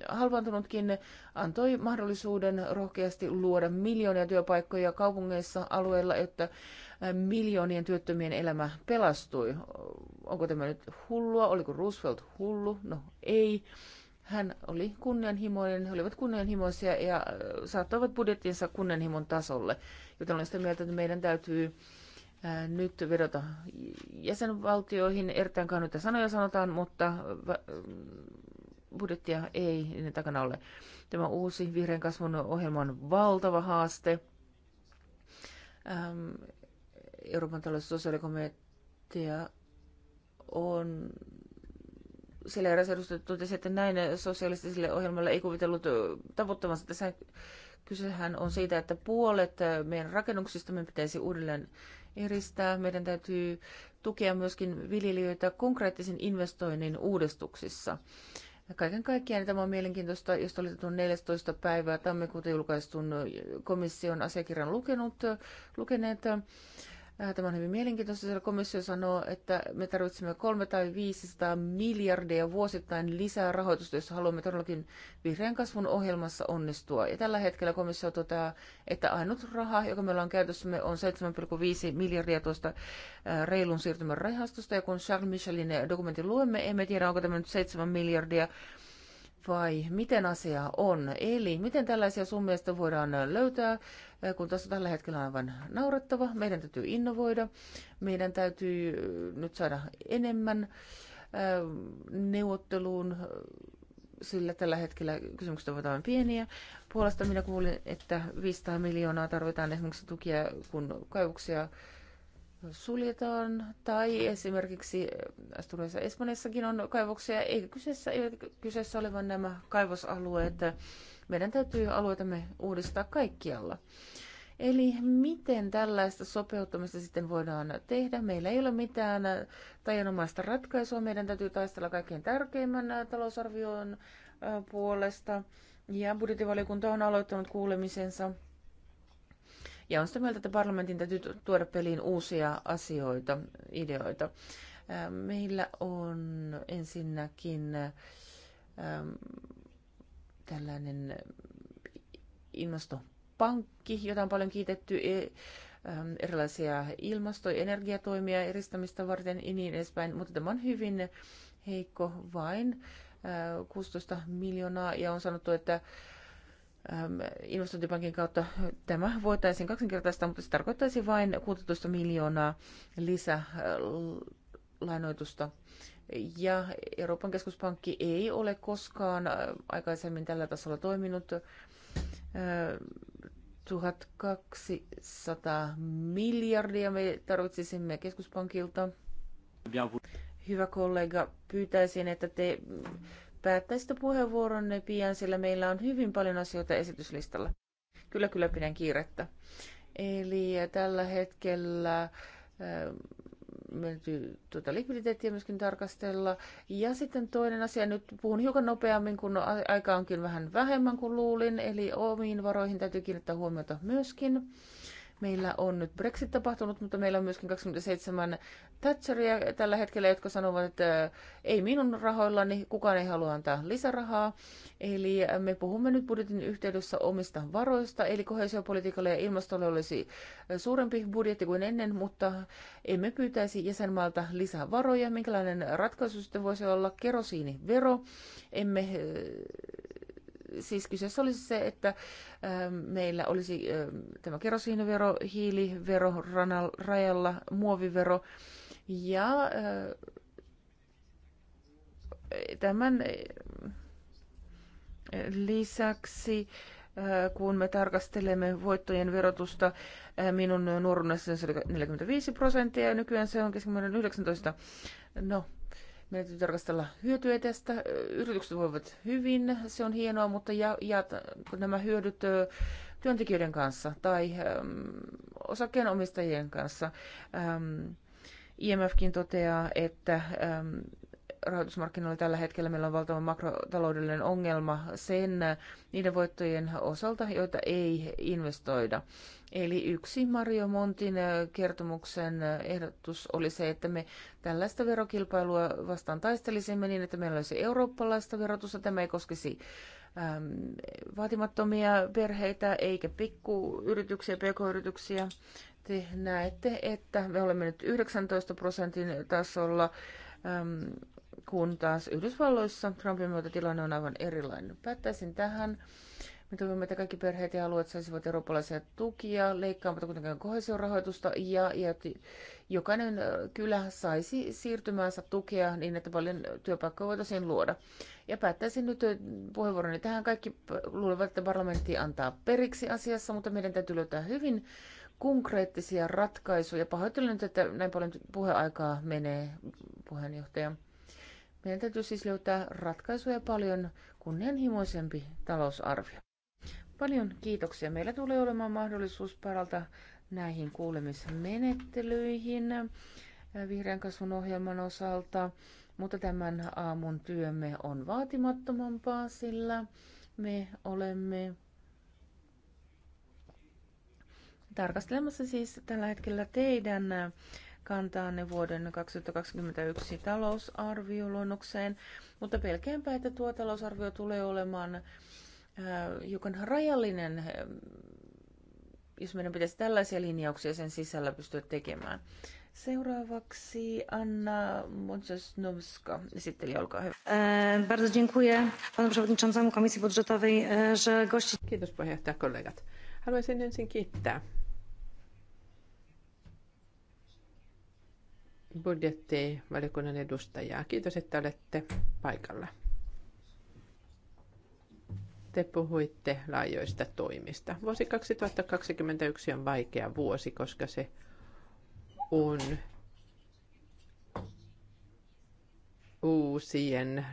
halvantunutkin, antoi mahdollisuuden rohkeasti luoda miljoonia työpaikkoja kaupungeissa, alueilla, että miljoonien työttömien elämä pelastui. Onko tämä nyt hullua? Oliko Roosevelt hullu? No ei. Hän oli kunnianhimoinen, he olivat kunnianhimoisia ja äh, saattoivat budjettinsa kunnianhimon tasolle. Joten olen sitä mieltä, että meidän täytyy äh, nyt vedota jäsenvaltioihin. Erittäin kannuita sanoja sanotaan, mutta äh, budjettia ei niiden takana ole. Tämä uusi vihreän kasvun ohjelma on valtava haaste. Ähm, Euroopan talous- ja sosiaalikomitea on siellä eräs edustaja totesi, että näin sosialistiselle ohjelmalle ei kuvitellut tavoittavansa. Tässä kysehän on siitä, että puolet meidän rakennuksista me pitäisi uudelleen eristää. Meidän täytyy tukea myöskin viljelijöitä konkreettisen investoinnin uudistuksissa. Kaiken kaikkiaan niin tämä on mielenkiintoista, josta oli tuon 14. päivää tammikuuta julkaistun komission asiakirjan lukenut, lukeneet. Äh, tämä on hyvin mielenkiintoista, sillä komissio sanoo, että me tarvitsemme 3 tai 500 miljardia vuosittain lisää rahoitusta, jos haluamme todellakin vihreän kasvun ohjelmassa onnistua. Ja tällä hetkellä komissio toteaa, että ainut raha, joka meillä on käytössämme, on 7,5 miljardia tuosta äh, reilun siirtymän rahastosta. Ja kun Charles Michelin dokumentin luemme, emme tiedä, onko tämä nyt 7 miljardia vai miten asia on? Eli miten tällaisia sun mielestä voidaan löytää, kun tässä tällä hetkellä on aivan naurettava. Meidän täytyy innovoida, meidän täytyy äh, nyt saada enemmän äh, neuvotteluun, äh, sillä tällä hetkellä kysymykset ovat aivan pieniä. Puolesta minä kuulin, että 500 miljoonaa tarvitaan esimerkiksi tukia, kun kaivuksia suljetaan, tai esimerkiksi Asturiassa äh, Espanjassakin on kaivoksia, eikä kyseessä, ei kyseessä olevan nämä kaivosalueet. Meidän täytyy alueitamme uudistaa kaikkialla. Eli miten tällaista sopeuttamista sitten voidaan tehdä? Meillä ei ole mitään äh, tajanomaista ratkaisua. Meidän täytyy taistella kaikkein tärkeimmän äh, talousarvion puolesta. Ja budjettivaliokunta on aloittanut kuulemisensa ja on sitä mieltä, että parlamentin täytyy tuoda peliin uusia asioita, ideoita. Ähm, meillä on ensinnäkin ähm, tällainen ilmastopankki, jota on paljon kiitetty, e, ähm, erilaisia ilmasto- ja energiatoimia eristämistä varten ja niin edespäin, mutta tämä on hyvin heikko vain 16 äh, miljoonaa ja on sanottu, että investointipankin kautta tämä voitaisiin kaksinkertaistaa, mutta se tarkoittaisi vain 16 miljoonaa lisälainoitusta. Ja Euroopan keskuspankki ei ole koskaan aikaisemmin tällä tasolla toiminut. 1200 miljardia me tarvitsisimme keskuspankilta. Hyvä kollega, pyytäisin, että te päättäisitte puheenvuoronne pian, sillä meillä on hyvin paljon asioita esityslistalla. Kyllä, kyllä pidän kiirettä. Eli äh, tällä hetkellä täytyy äh, tuota likviditeettiä myöskin tarkastella. Ja sitten toinen asia, nyt puhun hiukan nopeammin, kun aika onkin vähän vähemmän kuin luulin, eli omiin varoihin täytyy kiinnittää huomiota myöskin. Meillä on nyt Brexit tapahtunut, mutta meillä on myöskin 27 Thatcheria tällä hetkellä, jotka sanovat, että äh, ei minun rahoillani, kukaan ei halua antaa lisärahaa. Eli äh, me puhumme nyt budjetin yhteydessä omista varoista, eli kohesiopolitiikalle ja ilmastolle olisi äh, suurempi budjetti kuin ennen, mutta emme pyytäisi jäsenmaalta lisää varoja. Minkälainen ratkaisu sitten voisi olla kerosiinivero? Emme siis kyseessä olisi se, että ähm, meillä olisi ähm, tämä kerosiinivero, hiilivero rajalla, muovivero ja äh, tämän äh, lisäksi äh, kun me tarkastelemme voittojen verotusta, minun nuoruudessani se oli 45 prosenttia ja nykyään se on keskimäärin 19. No, meidän täytyy tarkastella hyötyä tästä. Yritykset voivat hyvin, se on hienoa, mutta ja, ja nämä hyödyt työntekijöiden kanssa tai äm, osakkeenomistajien kanssa. Äm, IMFkin toteaa, että äm, rahoitusmarkkinoilla tällä hetkellä meillä on valtava makrotaloudellinen ongelma sen niiden voittojen osalta, joita ei investoida. Eli yksi Mario Montin kertomuksen ehdotus oli se, että me tällaista verokilpailua vastaan taistelisimme niin, että meillä olisi eurooppalaista verotusta. Tämä ei koskisi äm, vaatimattomia perheitä eikä pikkuyrityksiä, pk-yrityksiä. Te näette, että me olemme nyt 19 prosentin tasolla, äm, kun taas Yhdysvalloissa Trumpin myötä tilanne on aivan erilainen. Päättäisin tähän. Me toivomme, että kaikki perheet ja alueet saisivat eurooppalaisia tukia, leikkaamatta kuitenkaan kohesiorahoitusta, ja, ja jokainen kylä saisi siirtymäänsä tukea niin, että paljon työpaikkoja voitaisiin luoda. Ja päättäisin nyt puheenvuoroni tähän. Kaikki luulevat, että parlamentti antaa periksi asiassa, mutta meidän täytyy löytää hyvin konkreettisia ratkaisuja. Pahoittelen nyt, että näin paljon puheaikaa menee, puheenjohtaja. Meidän täytyy siis löytää ratkaisuja paljon kunnianhimoisempi talousarvio. Paljon kiitoksia. Meillä tulee olemaan mahdollisuus paralta näihin kuulemismenettelyihin äh, vihreän kasvun ohjelman osalta, mutta tämän aamun työmme on vaatimattomampaa, sillä me olemme tarkastelemassa siis tällä hetkellä teidän kantaanne vuoden 2021 talousarvioluonnokseen, mutta pelkeämpää, että tuo talousarvio tulee olemaan Äh, hiukan rajallinen, äh, jos meidän pitäisi tällaisia linjauksia sen sisällä pystyä tekemään. Seuraavaksi Anna Mocesnowska, esitteli, olkaa hyvä. Äh, bardzo dziękuję panu przewodniczącemu Komisji Budżetowej, e, że gości... Kiitos puheenjohtaja kollegat. Haluaisin ensin kiittää budjettivaliokunnan edustajaa. Kiitos, että olette paikalla. Te puhuitte laajoista toimista. Vuosi 2021 on vaikea vuosi, koska se on uusien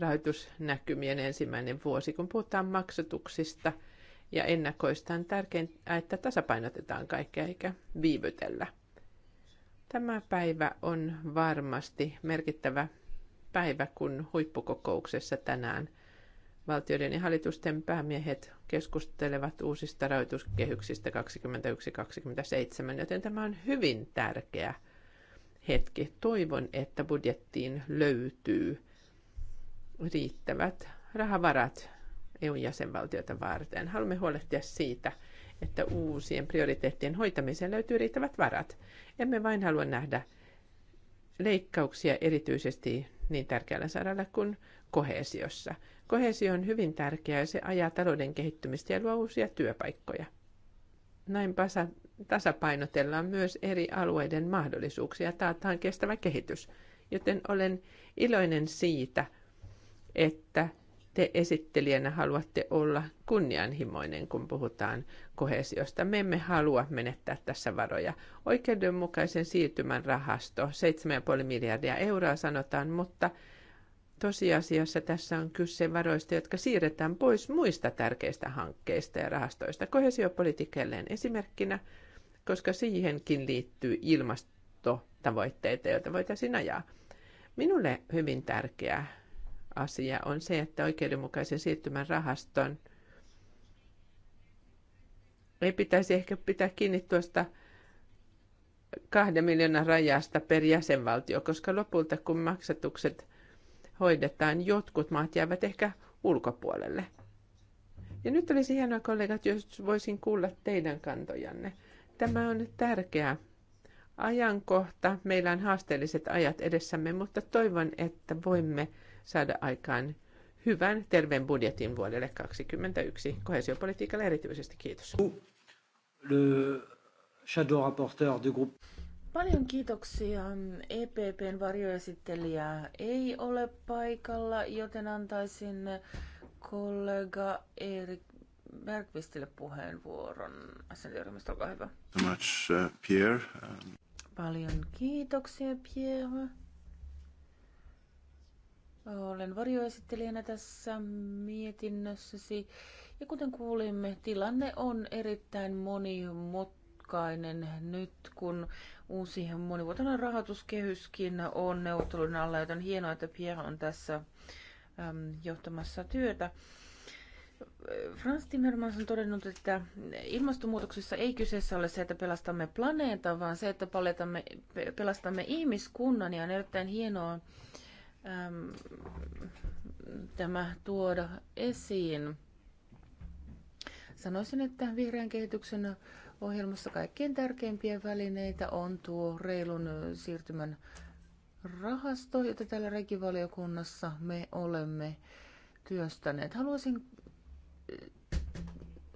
rahoitusnäkymien ensimmäinen vuosi, kun puhutaan maksatuksista ja ennakoista, on tärkeintä, että tasapainotetaan kaikkea eikä viivytellä. Tämä päivä on varmasti merkittävä päivä, kun huippukokouksessa tänään – valtioiden ja hallitusten päämiehet keskustelevat uusista rahoituskehyksistä 2021-2027, joten tämä on hyvin tärkeä hetki. Toivon, että budjettiin löytyy riittävät rahavarat EUn jäsenvaltiota varten. Haluamme huolehtia siitä, että uusien prioriteettien hoitamiseen löytyy riittävät varat. Emme vain halua nähdä leikkauksia erityisesti niin tärkeällä saralla kuin kohesiossa. Kohesio on hyvin tärkeä ja se ajaa talouden kehittymistä ja luo uusia työpaikkoja. Näin tasapainotellaan myös eri alueiden mahdollisuuksia ja taataan kestävä kehitys. Joten olen iloinen siitä, että te esittelijänä haluatte olla kunnianhimoinen, kun puhutaan kohesiosta. Me emme halua menettää tässä varoja. Oikeudenmukaisen siirtymän rahasto, 7,5 miljardia euroa sanotaan, mutta – Tosiasiassa tässä on kyse varoista, jotka siirretään pois muista tärkeistä hankkeista ja rahastoista. Kohesiopolitiikelleen esimerkkinä, koska siihenkin liittyy ilmastotavoitteita, joita voitaisiin ajaa. Minulle hyvin tärkeä asia on se, että oikeudenmukaisen siirtymän rahaston ei pitäisi ehkä pitää kiinni tuosta kahden miljoonan rajasta per jäsenvaltio, koska lopulta kun maksatukset – hoidetaan. Jotkut maat jäävät ehkä ulkopuolelle. Ja nyt olisi hienoa, kollegat, jos voisin kuulla teidän kantojanne. Tämä on tärkeä ajankohta. Meillä on haasteelliset ajat edessämme, mutta toivon, että voimme saada aikaan hyvän terveen budjetin vuodelle 2021. Kohesiopolitiikalle erityisesti kiitos. Le shadow rapporteur du groupe. Paljon kiitoksia. EPPn varjoesittelijää ei ole paikalla, joten antaisin kollega Erik Bergqvistille puheenvuoron. Asiantuntijaryhmästä, olkaa hyvä. So much, uh, Pierre. Um... Paljon kiitoksia, Pierre. Olen varjoesittelijänä tässä mietinnössäsi. Ja kuten kuulimme, tilanne on erittäin monimutkainen monimutkainen nyt, kun uusi monivuotinen rahoituskehyskin on neuvottelun alla, joten hienoa, että Pierre on tässä johtamassa työtä. Frans Timmermans on todennut, että ilmastonmuutoksessa ei kyseessä ole se, että pelastamme planeetan, vaan se, että paletamme, pelastamme ihmiskunnan. Ja on erittäin hienoa äm, tämä tuoda esiin. Sanoisin, että vihreän kehityksen ohjelmassa kaikkein tärkeimpiä välineitä on tuo reilun siirtymän rahasto, jota täällä rekivaliokunnassa me olemme työstäneet. Haluaisin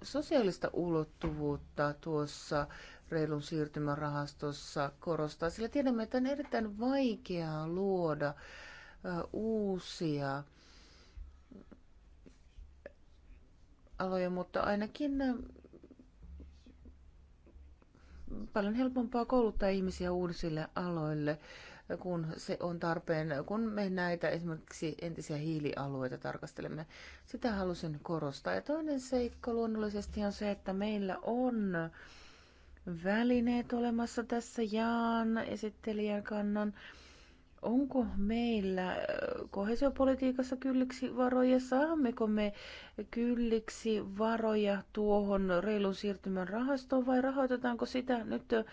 sosiaalista ulottuvuutta tuossa reilun siirtymän rahastossa korostaa, sillä tiedämme, että on erittäin vaikeaa luoda uusia aloja, mutta ainakin paljon helpompaa kouluttaa ihmisiä uusille aloille, kun se on tarpeen, kun me näitä esimerkiksi entisiä hiilialueita tarkastelemme. Sitä halusin korostaa. Ja toinen seikka luonnollisesti on se, että meillä on välineet olemassa tässä Jaan esittelijän kannan onko meillä äh, kohesiopolitiikassa kylliksi varoja, saammeko me kylliksi varoja tuohon reilun siirtymän rahastoon vai rahoitetaanko sitä nyt äh,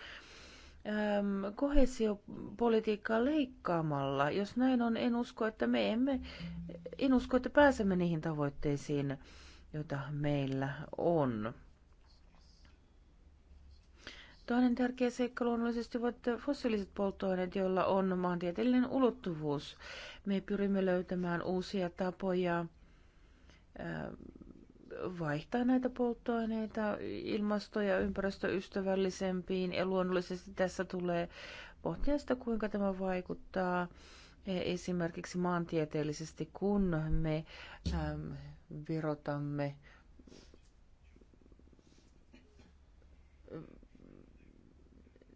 äm, kohesiopolitiikkaa leikkaamalla? Jos näin on, en usko, että me emme, en usko, että pääsemme niihin tavoitteisiin, joita meillä on. Toinen tärkeä seikka luonnollisesti ovat fossiiliset polttoaineet, joilla on maantieteellinen ulottuvuus. Me pyrimme löytämään uusia tapoja vaihtaa näitä polttoaineita ilmasto- ja ympäristöystävällisempiin. Ja luonnollisesti tässä tulee pohtia sitä, kuinka tämä vaikuttaa esimerkiksi maantieteellisesti, kun me verotamme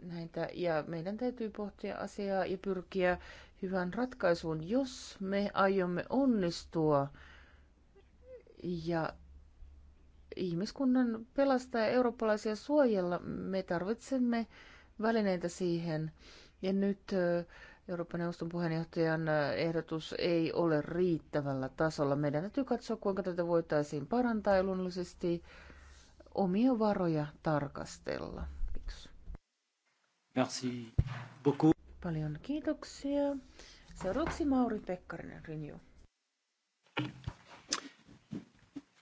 näitä ja meidän täytyy pohtia asiaa ja pyrkiä hyvään ratkaisuun, jos me aiomme onnistua ja ihmiskunnan pelastaa ja eurooppalaisia suojella. Me tarvitsemme välineitä siihen. Ja nyt Euroopan neuvoston puheenjohtajan ehdotus ei ole riittävällä tasolla. Meidän täytyy katsoa, kuinka tätä voitaisiin parantaa ja luonnollisesti omia varoja tarkastella. Merci beaucoup. Paljon kiitoksia. Seuraavaksi Mauri Pekkarinen,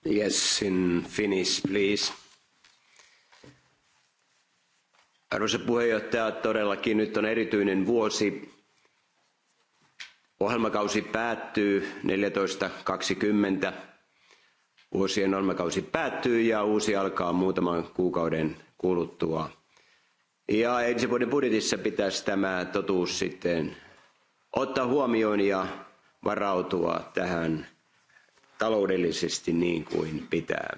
Yes, in Finnish, please. Arvoisa puheenjohtaja, todellakin nyt on erityinen vuosi. Ohjelmakausi päättyy 14.20. Vuosien ohjelmakausi päättyy ja uusi alkaa muutaman kuukauden kuluttua. Ja ensi vuoden budjetissa pitäisi tämä totuus sitten ottaa huomioon ja varautua tähän taloudellisesti niin kuin pitää.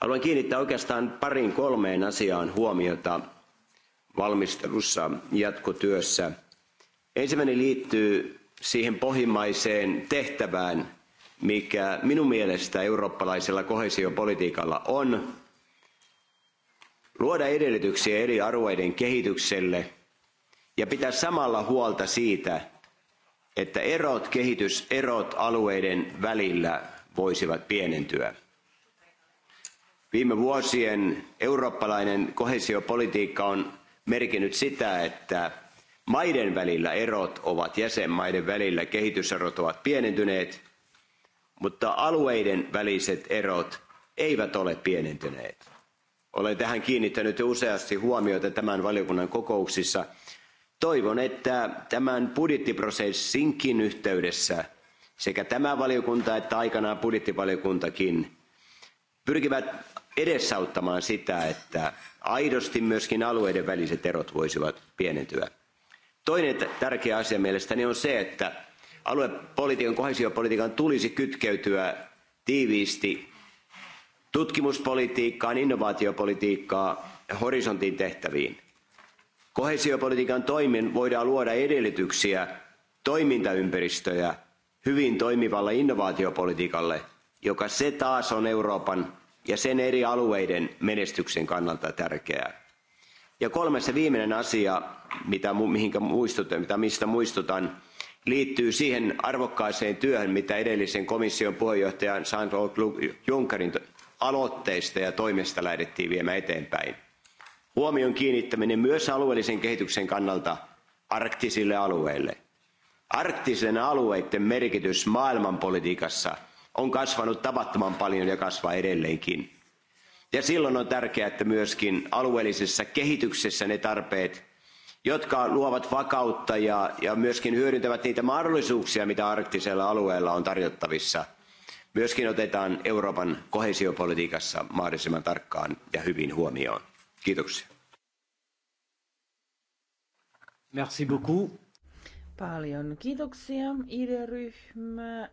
Haluan kiinnittää oikeastaan pariin kolmeen asiaan huomiota valmistelussa jatkotyössä. Ensimmäinen liittyy siihen pohjimmaiseen tehtävään, mikä minun mielestä eurooppalaisella koheesiopolitiikalla on luoda edellytyksiä eri alueiden kehitykselle ja pitää samalla huolta siitä että erot kehitys-erot alueiden välillä voisivat pienentyä. Viime vuosien eurooppalainen koheesiopolitiikka on merkinnyt sitä, että maiden välillä erot ovat jäsenmaiden välillä, kehityserot ovat pienentyneet, mutta alueiden väliset erot eivät ole pienentyneet. Olen tähän kiinnittänyt jo useasti huomiota tämän valiokunnan kokouksissa. Toivon, että tämän budjettiprosessinkin yhteydessä sekä tämä valiokunta että aikanaan budjettivaliokuntakin pyrkivät edesauttamaan sitä, että aidosti myöskin alueiden väliset erot voisivat pienentyä. Toinen tärkeä asia mielestäni on se, että aluepolitiikan, kohesiopolitiikan tulisi kytkeytyä tiiviisti tutkimuspolitiikkaan, innovaatiopolitiikkaa horisontin tehtäviin. Kohesiopolitiikan toimin voidaan luoda edellytyksiä, toimintaympäristöjä hyvin toimivalle innovaatiopolitiikalle, joka se taas on Euroopan ja sen eri alueiden menestyksen kannalta tärkeää. Ja kolmas ja viimeinen asia, mitä, mihinkä muistutan, mitä, mistä muistutan, liittyy siihen arvokkaaseen työhön, mitä edellisen komission puheenjohtajan Jean-Claude Junckerin aloitteista ja toimista lähdettiin viemään eteenpäin. Huomion kiinnittäminen myös alueellisen kehityksen kannalta arktisille alueille. Arktisen alueiden merkitys maailmanpolitiikassa on kasvanut tavattoman paljon ja kasvaa edelleenkin. Ja silloin on tärkeää, että myöskin alueellisessa kehityksessä ne tarpeet, jotka luovat vakautta ja, ja myöskin hyödyntävät niitä mahdollisuuksia, mitä arktisella alueella on tarjottavissa – myös otetaan euroopan koheesiopolitiikassa mahdollisimman tarkkaan ja hyvin huomioon. kiitoksia. Merci beaucoup. Paljon kiitoksia. ID-ryhmä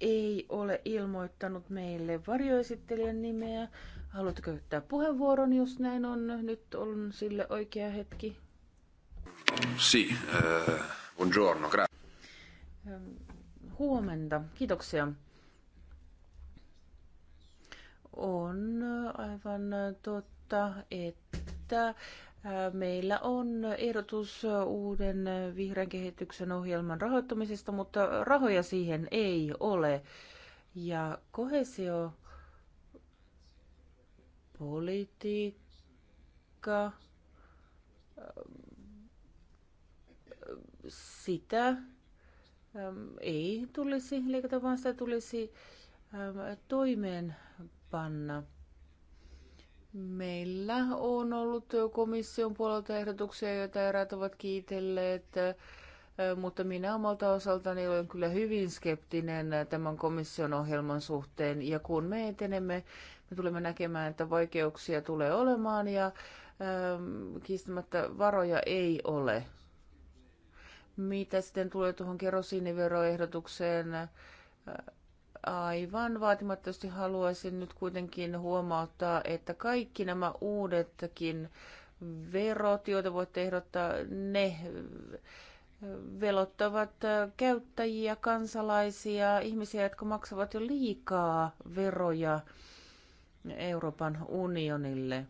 ei ole ilmoittanut meille varjoesittelijän nimeä. Haluatko käyttää puheenvuoron, jos näin on? Nyt on sille oikea hetki. Si, uh, buongiorno, grazie. Ehm, huomenta. Kiitoksia. On aivan totta, että äh, meillä on ehdotus uuden vihreän kehityksen ohjelman rahoittamisesta, mutta rahoja siihen ei ole. Ja kohesio politiikka äh, sitä ei tulisi leikata, vaan sitä tulisi toimeenpanna. Meillä on ollut komission puolelta ehdotuksia, joita eräät ovat kiitelleet, mutta minä omalta osaltani olen kyllä hyvin skeptinen tämän komission ohjelman suhteen. Ja kun me etenemme, me tulemme näkemään, että vaikeuksia tulee olemaan ja kiistämättä varoja ei ole mitä sitten tulee tuohon kerosiiniveroehdotukseen, aivan vaatimattomasti haluaisin nyt kuitenkin huomauttaa, että kaikki nämä uudetkin verot, joita voitte ehdottaa, ne velottavat käyttäjiä, kansalaisia, ihmisiä, jotka maksavat jo liikaa veroja Euroopan unionille.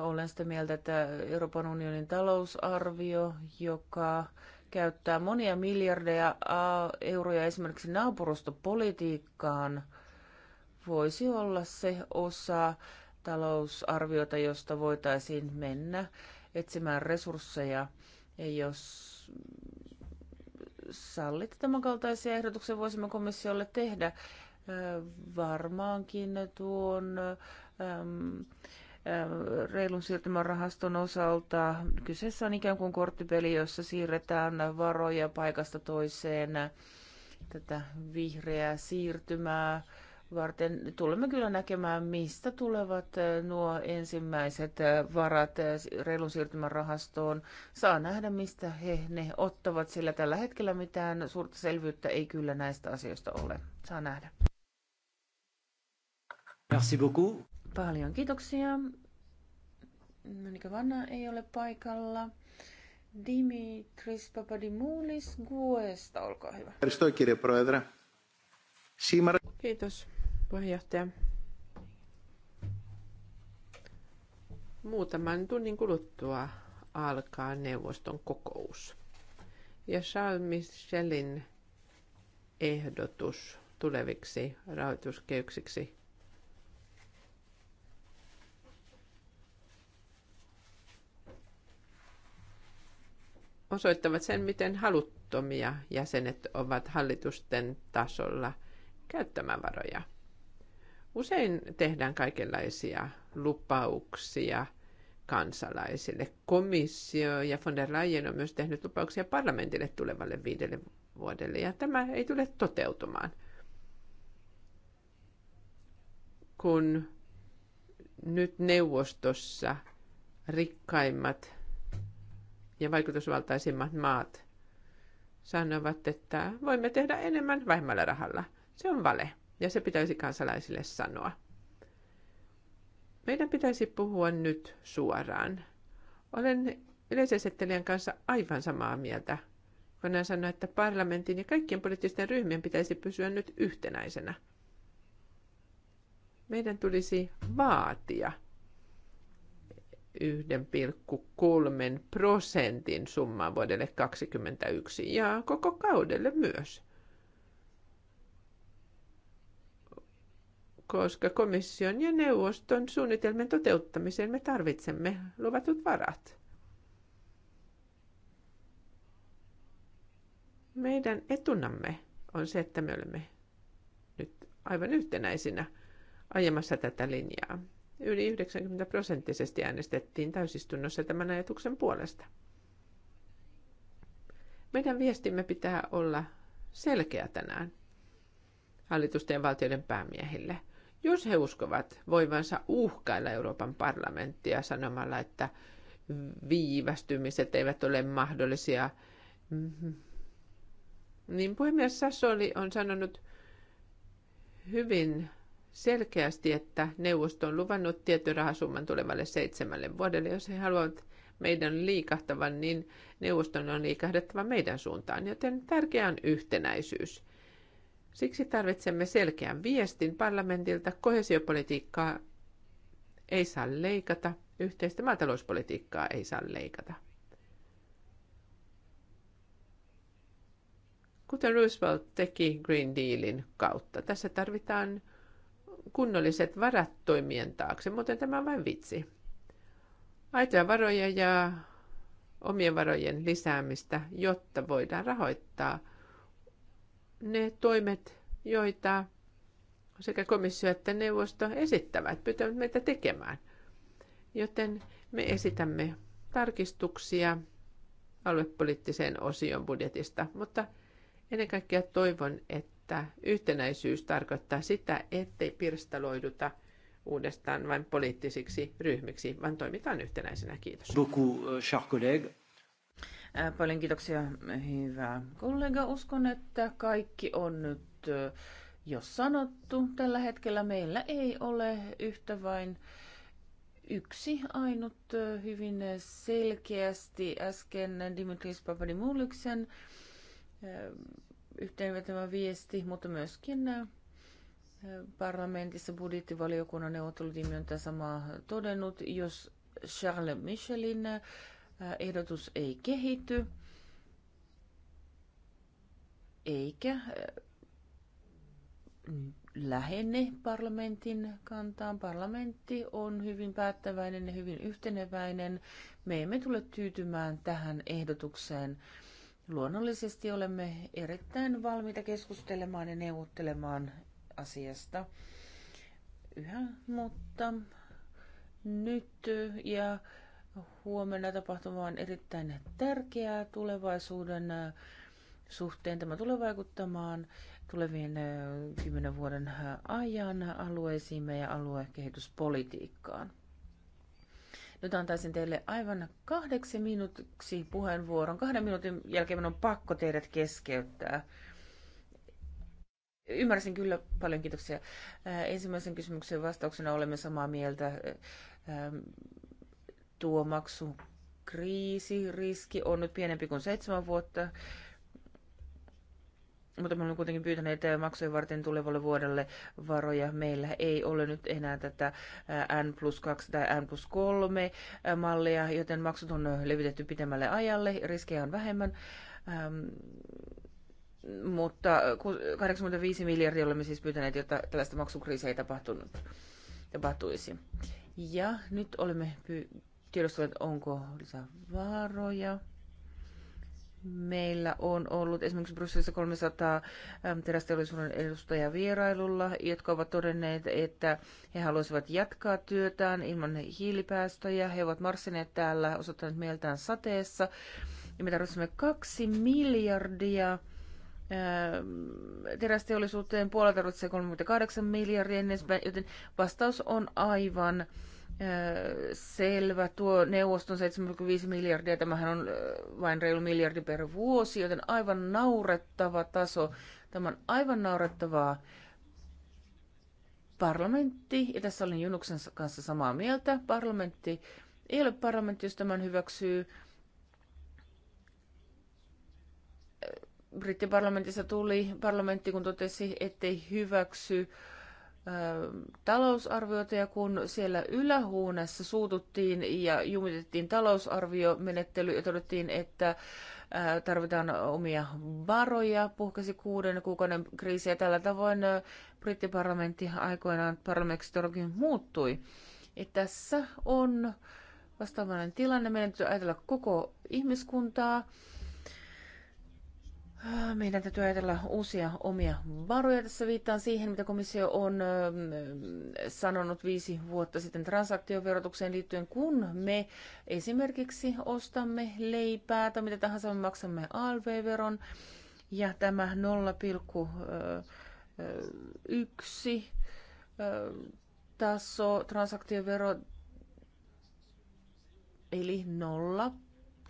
Olen sitä mieltä, että Euroopan unionin talousarvio, joka käyttää monia miljardeja euroja esimerkiksi naapurustopolitiikkaan, voisi olla se osa talousarviota, josta voitaisiin mennä etsimään resursseja, jos sallitte tämän kaltaisia ehdotuksia, voisimme komissiolle tehdä varmaankin tuon Ähm, reilun siirtymän rahaston osalta. Kyseessä on ikään kuin korttipeli, jossa siirretään varoja paikasta toiseen tätä vihreää siirtymää varten. Tulemme kyllä näkemään, mistä tulevat nuo ensimmäiset varat reilun siirtymän rahastoon. Saa nähdä, mistä he ne ottavat, sillä tällä hetkellä mitään suurta selvyyttä ei kyllä näistä asioista ole. Saa nähdä. Merci beaucoup. Paljon kiitoksia. Monika Vanna ei ole paikalla. Dimitris Papadimoulis Guesta, olkaa hyvä. Kiitos, puheenjohtaja. Muutaman tunnin kuluttua alkaa neuvoston kokous. Ja Charles Michelin ehdotus tuleviksi rahoituskeyksiksi osoittavat sen, miten haluttomia jäsenet ovat hallitusten tasolla käyttämään varoja. Usein tehdään kaikenlaisia lupauksia kansalaisille. Komissio ja von der Leyen on myös tehnyt lupauksia parlamentille tulevalle viidelle vuodelle, ja tämä ei tule toteutumaan. Kun nyt neuvostossa rikkaimmat ja vaikutusvaltaisimmat maat sanovat, että voimme tehdä enemmän vähemmällä rahalla. Se on vale ja se pitäisi kansalaisille sanoa. Meidän pitäisi puhua nyt suoraan. Olen yleisesittelijän kanssa aivan samaa mieltä, kun hän sanoi, että parlamentin ja kaikkien poliittisten ryhmien pitäisi pysyä nyt yhtenäisenä. Meidän tulisi vaatia 1,3 prosentin summaa vuodelle 2021 ja koko kaudelle myös. Koska komission ja neuvoston suunnitelmien toteuttamiseen me tarvitsemme luvatut varat. Meidän etunamme on se, että me olemme nyt aivan yhtenäisinä ajamassa tätä linjaa. Yli 90 prosenttisesti äänestettiin täysistunnossa tämän ajatuksen puolesta. Meidän viestimme pitää olla selkeä tänään hallitusten ja valtioiden päämiehille. Jos he uskovat voivansa uhkailla Euroopan parlamenttia sanomalla, että viivästymiset eivät ole mahdollisia, mm-hmm. niin puhemies Sassoli on sanonut hyvin selkeästi, että neuvosto on luvannut tietyn rahasumman tulevalle seitsemälle vuodelle. Jos he haluavat meidän liikahtavan, niin neuvoston on liikahdettava meidän suuntaan, joten tärkeä on yhtenäisyys. Siksi tarvitsemme selkeän viestin parlamentilta. Kohesiopolitiikkaa ei saa leikata, yhteistä maatalouspolitiikkaa ei saa leikata. Kuten Roosevelt teki Green Dealin kautta. Tässä tarvitaan kunnolliset varat toimien taakse, muuten tämä on vain vitsi. Aitoja varoja ja omien varojen lisäämistä, jotta voidaan rahoittaa ne toimet, joita sekä komissio että neuvosto esittävät, pyytävät meitä tekemään. Joten me esitämme tarkistuksia aluepoliittiseen osion budjetista, mutta ennen kaikkea toivon, että että yhtenäisyys tarkoittaa sitä, ettei pirstaloiduta uudestaan vain poliittisiksi ryhmiksi, vaan toimitaan yhtenäisenä. Kiitos. Euh, paljon kiitoksia, hyvä kollega. Uskon, että kaikki on nyt jo sanottu. Tällä hetkellä meillä ei ole yhtä vain yksi ainut hyvin selkeästi äsken Dimitris Papadimuliksen yhteenvetävä viesti, mutta myöskin parlamentissa budjettivaliokunnan neuvottelutiimi on tätä samaa todennut. Jos Charles Michelin ehdotus ei kehity, eikä lähene parlamentin kantaan. Parlamentti on hyvin päättäväinen ja hyvin yhteneväinen. Me emme tule tyytymään tähän ehdotukseen luonnollisesti olemme erittäin valmiita keskustelemaan ja neuvottelemaan asiasta yhä, mutta nyt ja huomenna on erittäin tärkeää tulevaisuuden äh, suhteen. Tämä tulee vaikuttamaan tulevien äh, kymmenen vuoden äh, ajan alueisiimme ja aluekehityspolitiikkaan. Nyt antaisin teille aivan kahdeksi minuutiksi puheenvuoron. Kahden minuutin jälkeen minun on pakko teidät keskeyttää. Ymmärsin kyllä, paljon kiitoksia. Äh, ensimmäisen kysymyksen vastauksena olemme samaa mieltä. Äh, ähm, tuo maksukriisi, riski on nyt pienempi kuin seitsemän vuotta mutta me olemme kuitenkin pyytäneet eh, maksujen varten tulevalle vuodelle varoja. Meillä ei ole nyt enää tätä eh, N plus 2 tai N plus 3 eh, mallia, joten maksut on levitetty pitemmälle ajalle, riskejä on vähemmän. Ähm, mutta 85 miljardia olemme siis pyytäneet, jotta tällaista maksukriisiä ei tapahtunut, tapahtuisi. Ja nyt olemme py- tiedostaneet, onko lisää varoja. Meillä on ollut esimerkiksi Brysselissä 300 terästeollisuuden edustajia vierailulla, jotka ovat todenneet, että he haluaisivat jatkaa työtään ilman hiilipäästöjä. He ovat marssineet täällä, osoittaneet mieltään sateessa. Ja me tarvitsemme kaksi miljardia terästeollisuuteen, puolella tarvitsee 38 miljardia, niin joten vastaus on aivan selvä. Tuo neuvoston 75 miljardia, tämähän on vain reilu miljardi per vuosi, joten aivan naurettava taso. Tämä on aivan naurettavaa. Parlamentti, ja tässä olin Junuksen kanssa samaa mieltä, parlamentti ei ole parlamentti, jos tämän hyväksyy. Brittiparlamentissa tuli parlamentti, kun totesi, ettei hyväksy talousarviota ja kun siellä ylähuoneessa suututtiin ja jumitettiin talousarviomenettely ja todettiin, että tarvitaan omia varoja, puhkasi kuuden kuukauden kriisi ja tällä tavoin brittiparlamentti aikoinaan parlamentti todellakin muuttui. Ja tässä on vastaavainen tilanne, meidän täytyy ajatella koko ihmiskuntaa meidän täytyy ajatella uusia omia varoja. Tässä viittaan siihen, mitä komissio on sanonut viisi vuotta sitten transaktioverotukseen liittyen, kun me esimerkiksi ostamme leipää tai mitä tahansa, me maksamme ALV-veron ja tämä 0,1 taso transaktiovero eli 0.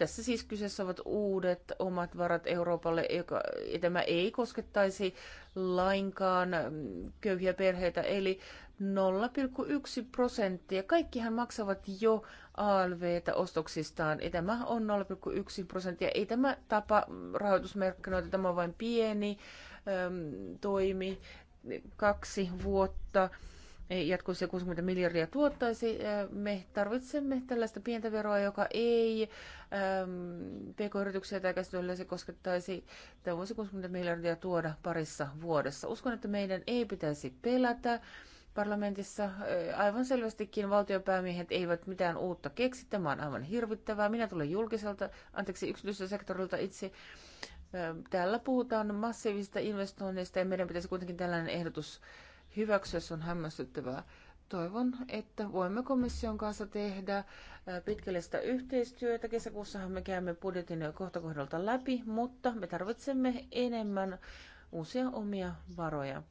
Tässä siis kyseessä ovat uudet omat varat Euroopalle, joka, ja tämä ei koskettaisi lainkaan mm, köyhiä perheitä, eli 0,1 prosenttia. Kaikkihan maksavat jo ALVtä ostoksistaan, ja tämä on 0,1 prosenttia. Ei tämä tapa rahoitusmarkkinoita, tämä on vain pieni äm, mm, toimi, kaksi vuotta jatkossa 60 miljardia tuottaisi. Me tarvitsemme tällaista pientä veroa, joka ei pk-yrityksiä tai käsityöllisiä koskettaisi. Tämä voisi 60 miljardia tuoda parissa vuodessa. Uskon, että meidän ei pitäisi pelätä. Parlamentissa aivan selvästikin valtiopäämiehet eivät mitään uutta keksi. Tämä on aivan hirvittävää. Minä tulen julkiselta, anteeksi, yksityiseltä sektorilta itse. Täällä puhutaan massiivisista investoinneista ja meidän pitäisi kuitenkin tällainen ehdotus hyväksyä. Se on hämmästyttävää. Toivon, että voimme komission kanssa tehdä pitkällistä yhteistyötä. Kesäkuussahan me käymme budjetin kohta kohdalta läpi, mutta me tarvitsemme enemmän uusia omia varoja.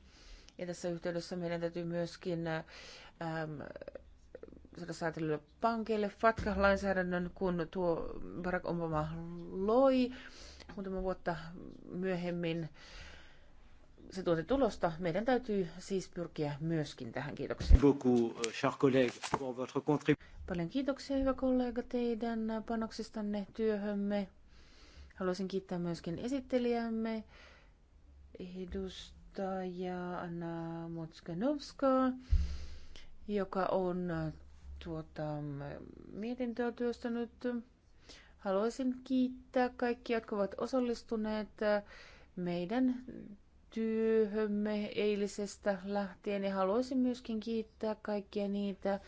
Ja tässä yhteydessä meidän täytyy myöskin äm, saada säätelylle pankeille FATCA-lainsäädännön, kun tuo Barack Obama loi muutama vuotta myöhemmin. Äh, se tuote tulosta. Meidän täytyy siis pyrkiä myöskin tähän. Kiitoksia. Beaucoup, euh, pour votre Paljon kiitoksia, hyvä kollega, teidän panoksistanne työhömme. Haluaisin kiittää myöskin esittelijämme, edustaja Anna Motskanovska, joka on tuota, mietintöä työstänyt. Haluaisin kiittää kaikkia, jotka ovat osallistuneet meidän työhömme eilisestä lähtien ja haluaisin myöskin kiittää kaikkia niitä,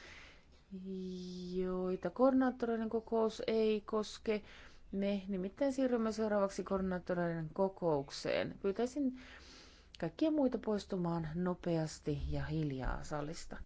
joita koordinaattoreiden kokous ei koske. Me nimittäin siirrymme seuraavaksi koordinaattoreiden kokoukseen. Pyytäisin kaikkia muita poistumaan nopeasti ja hiljaa salista.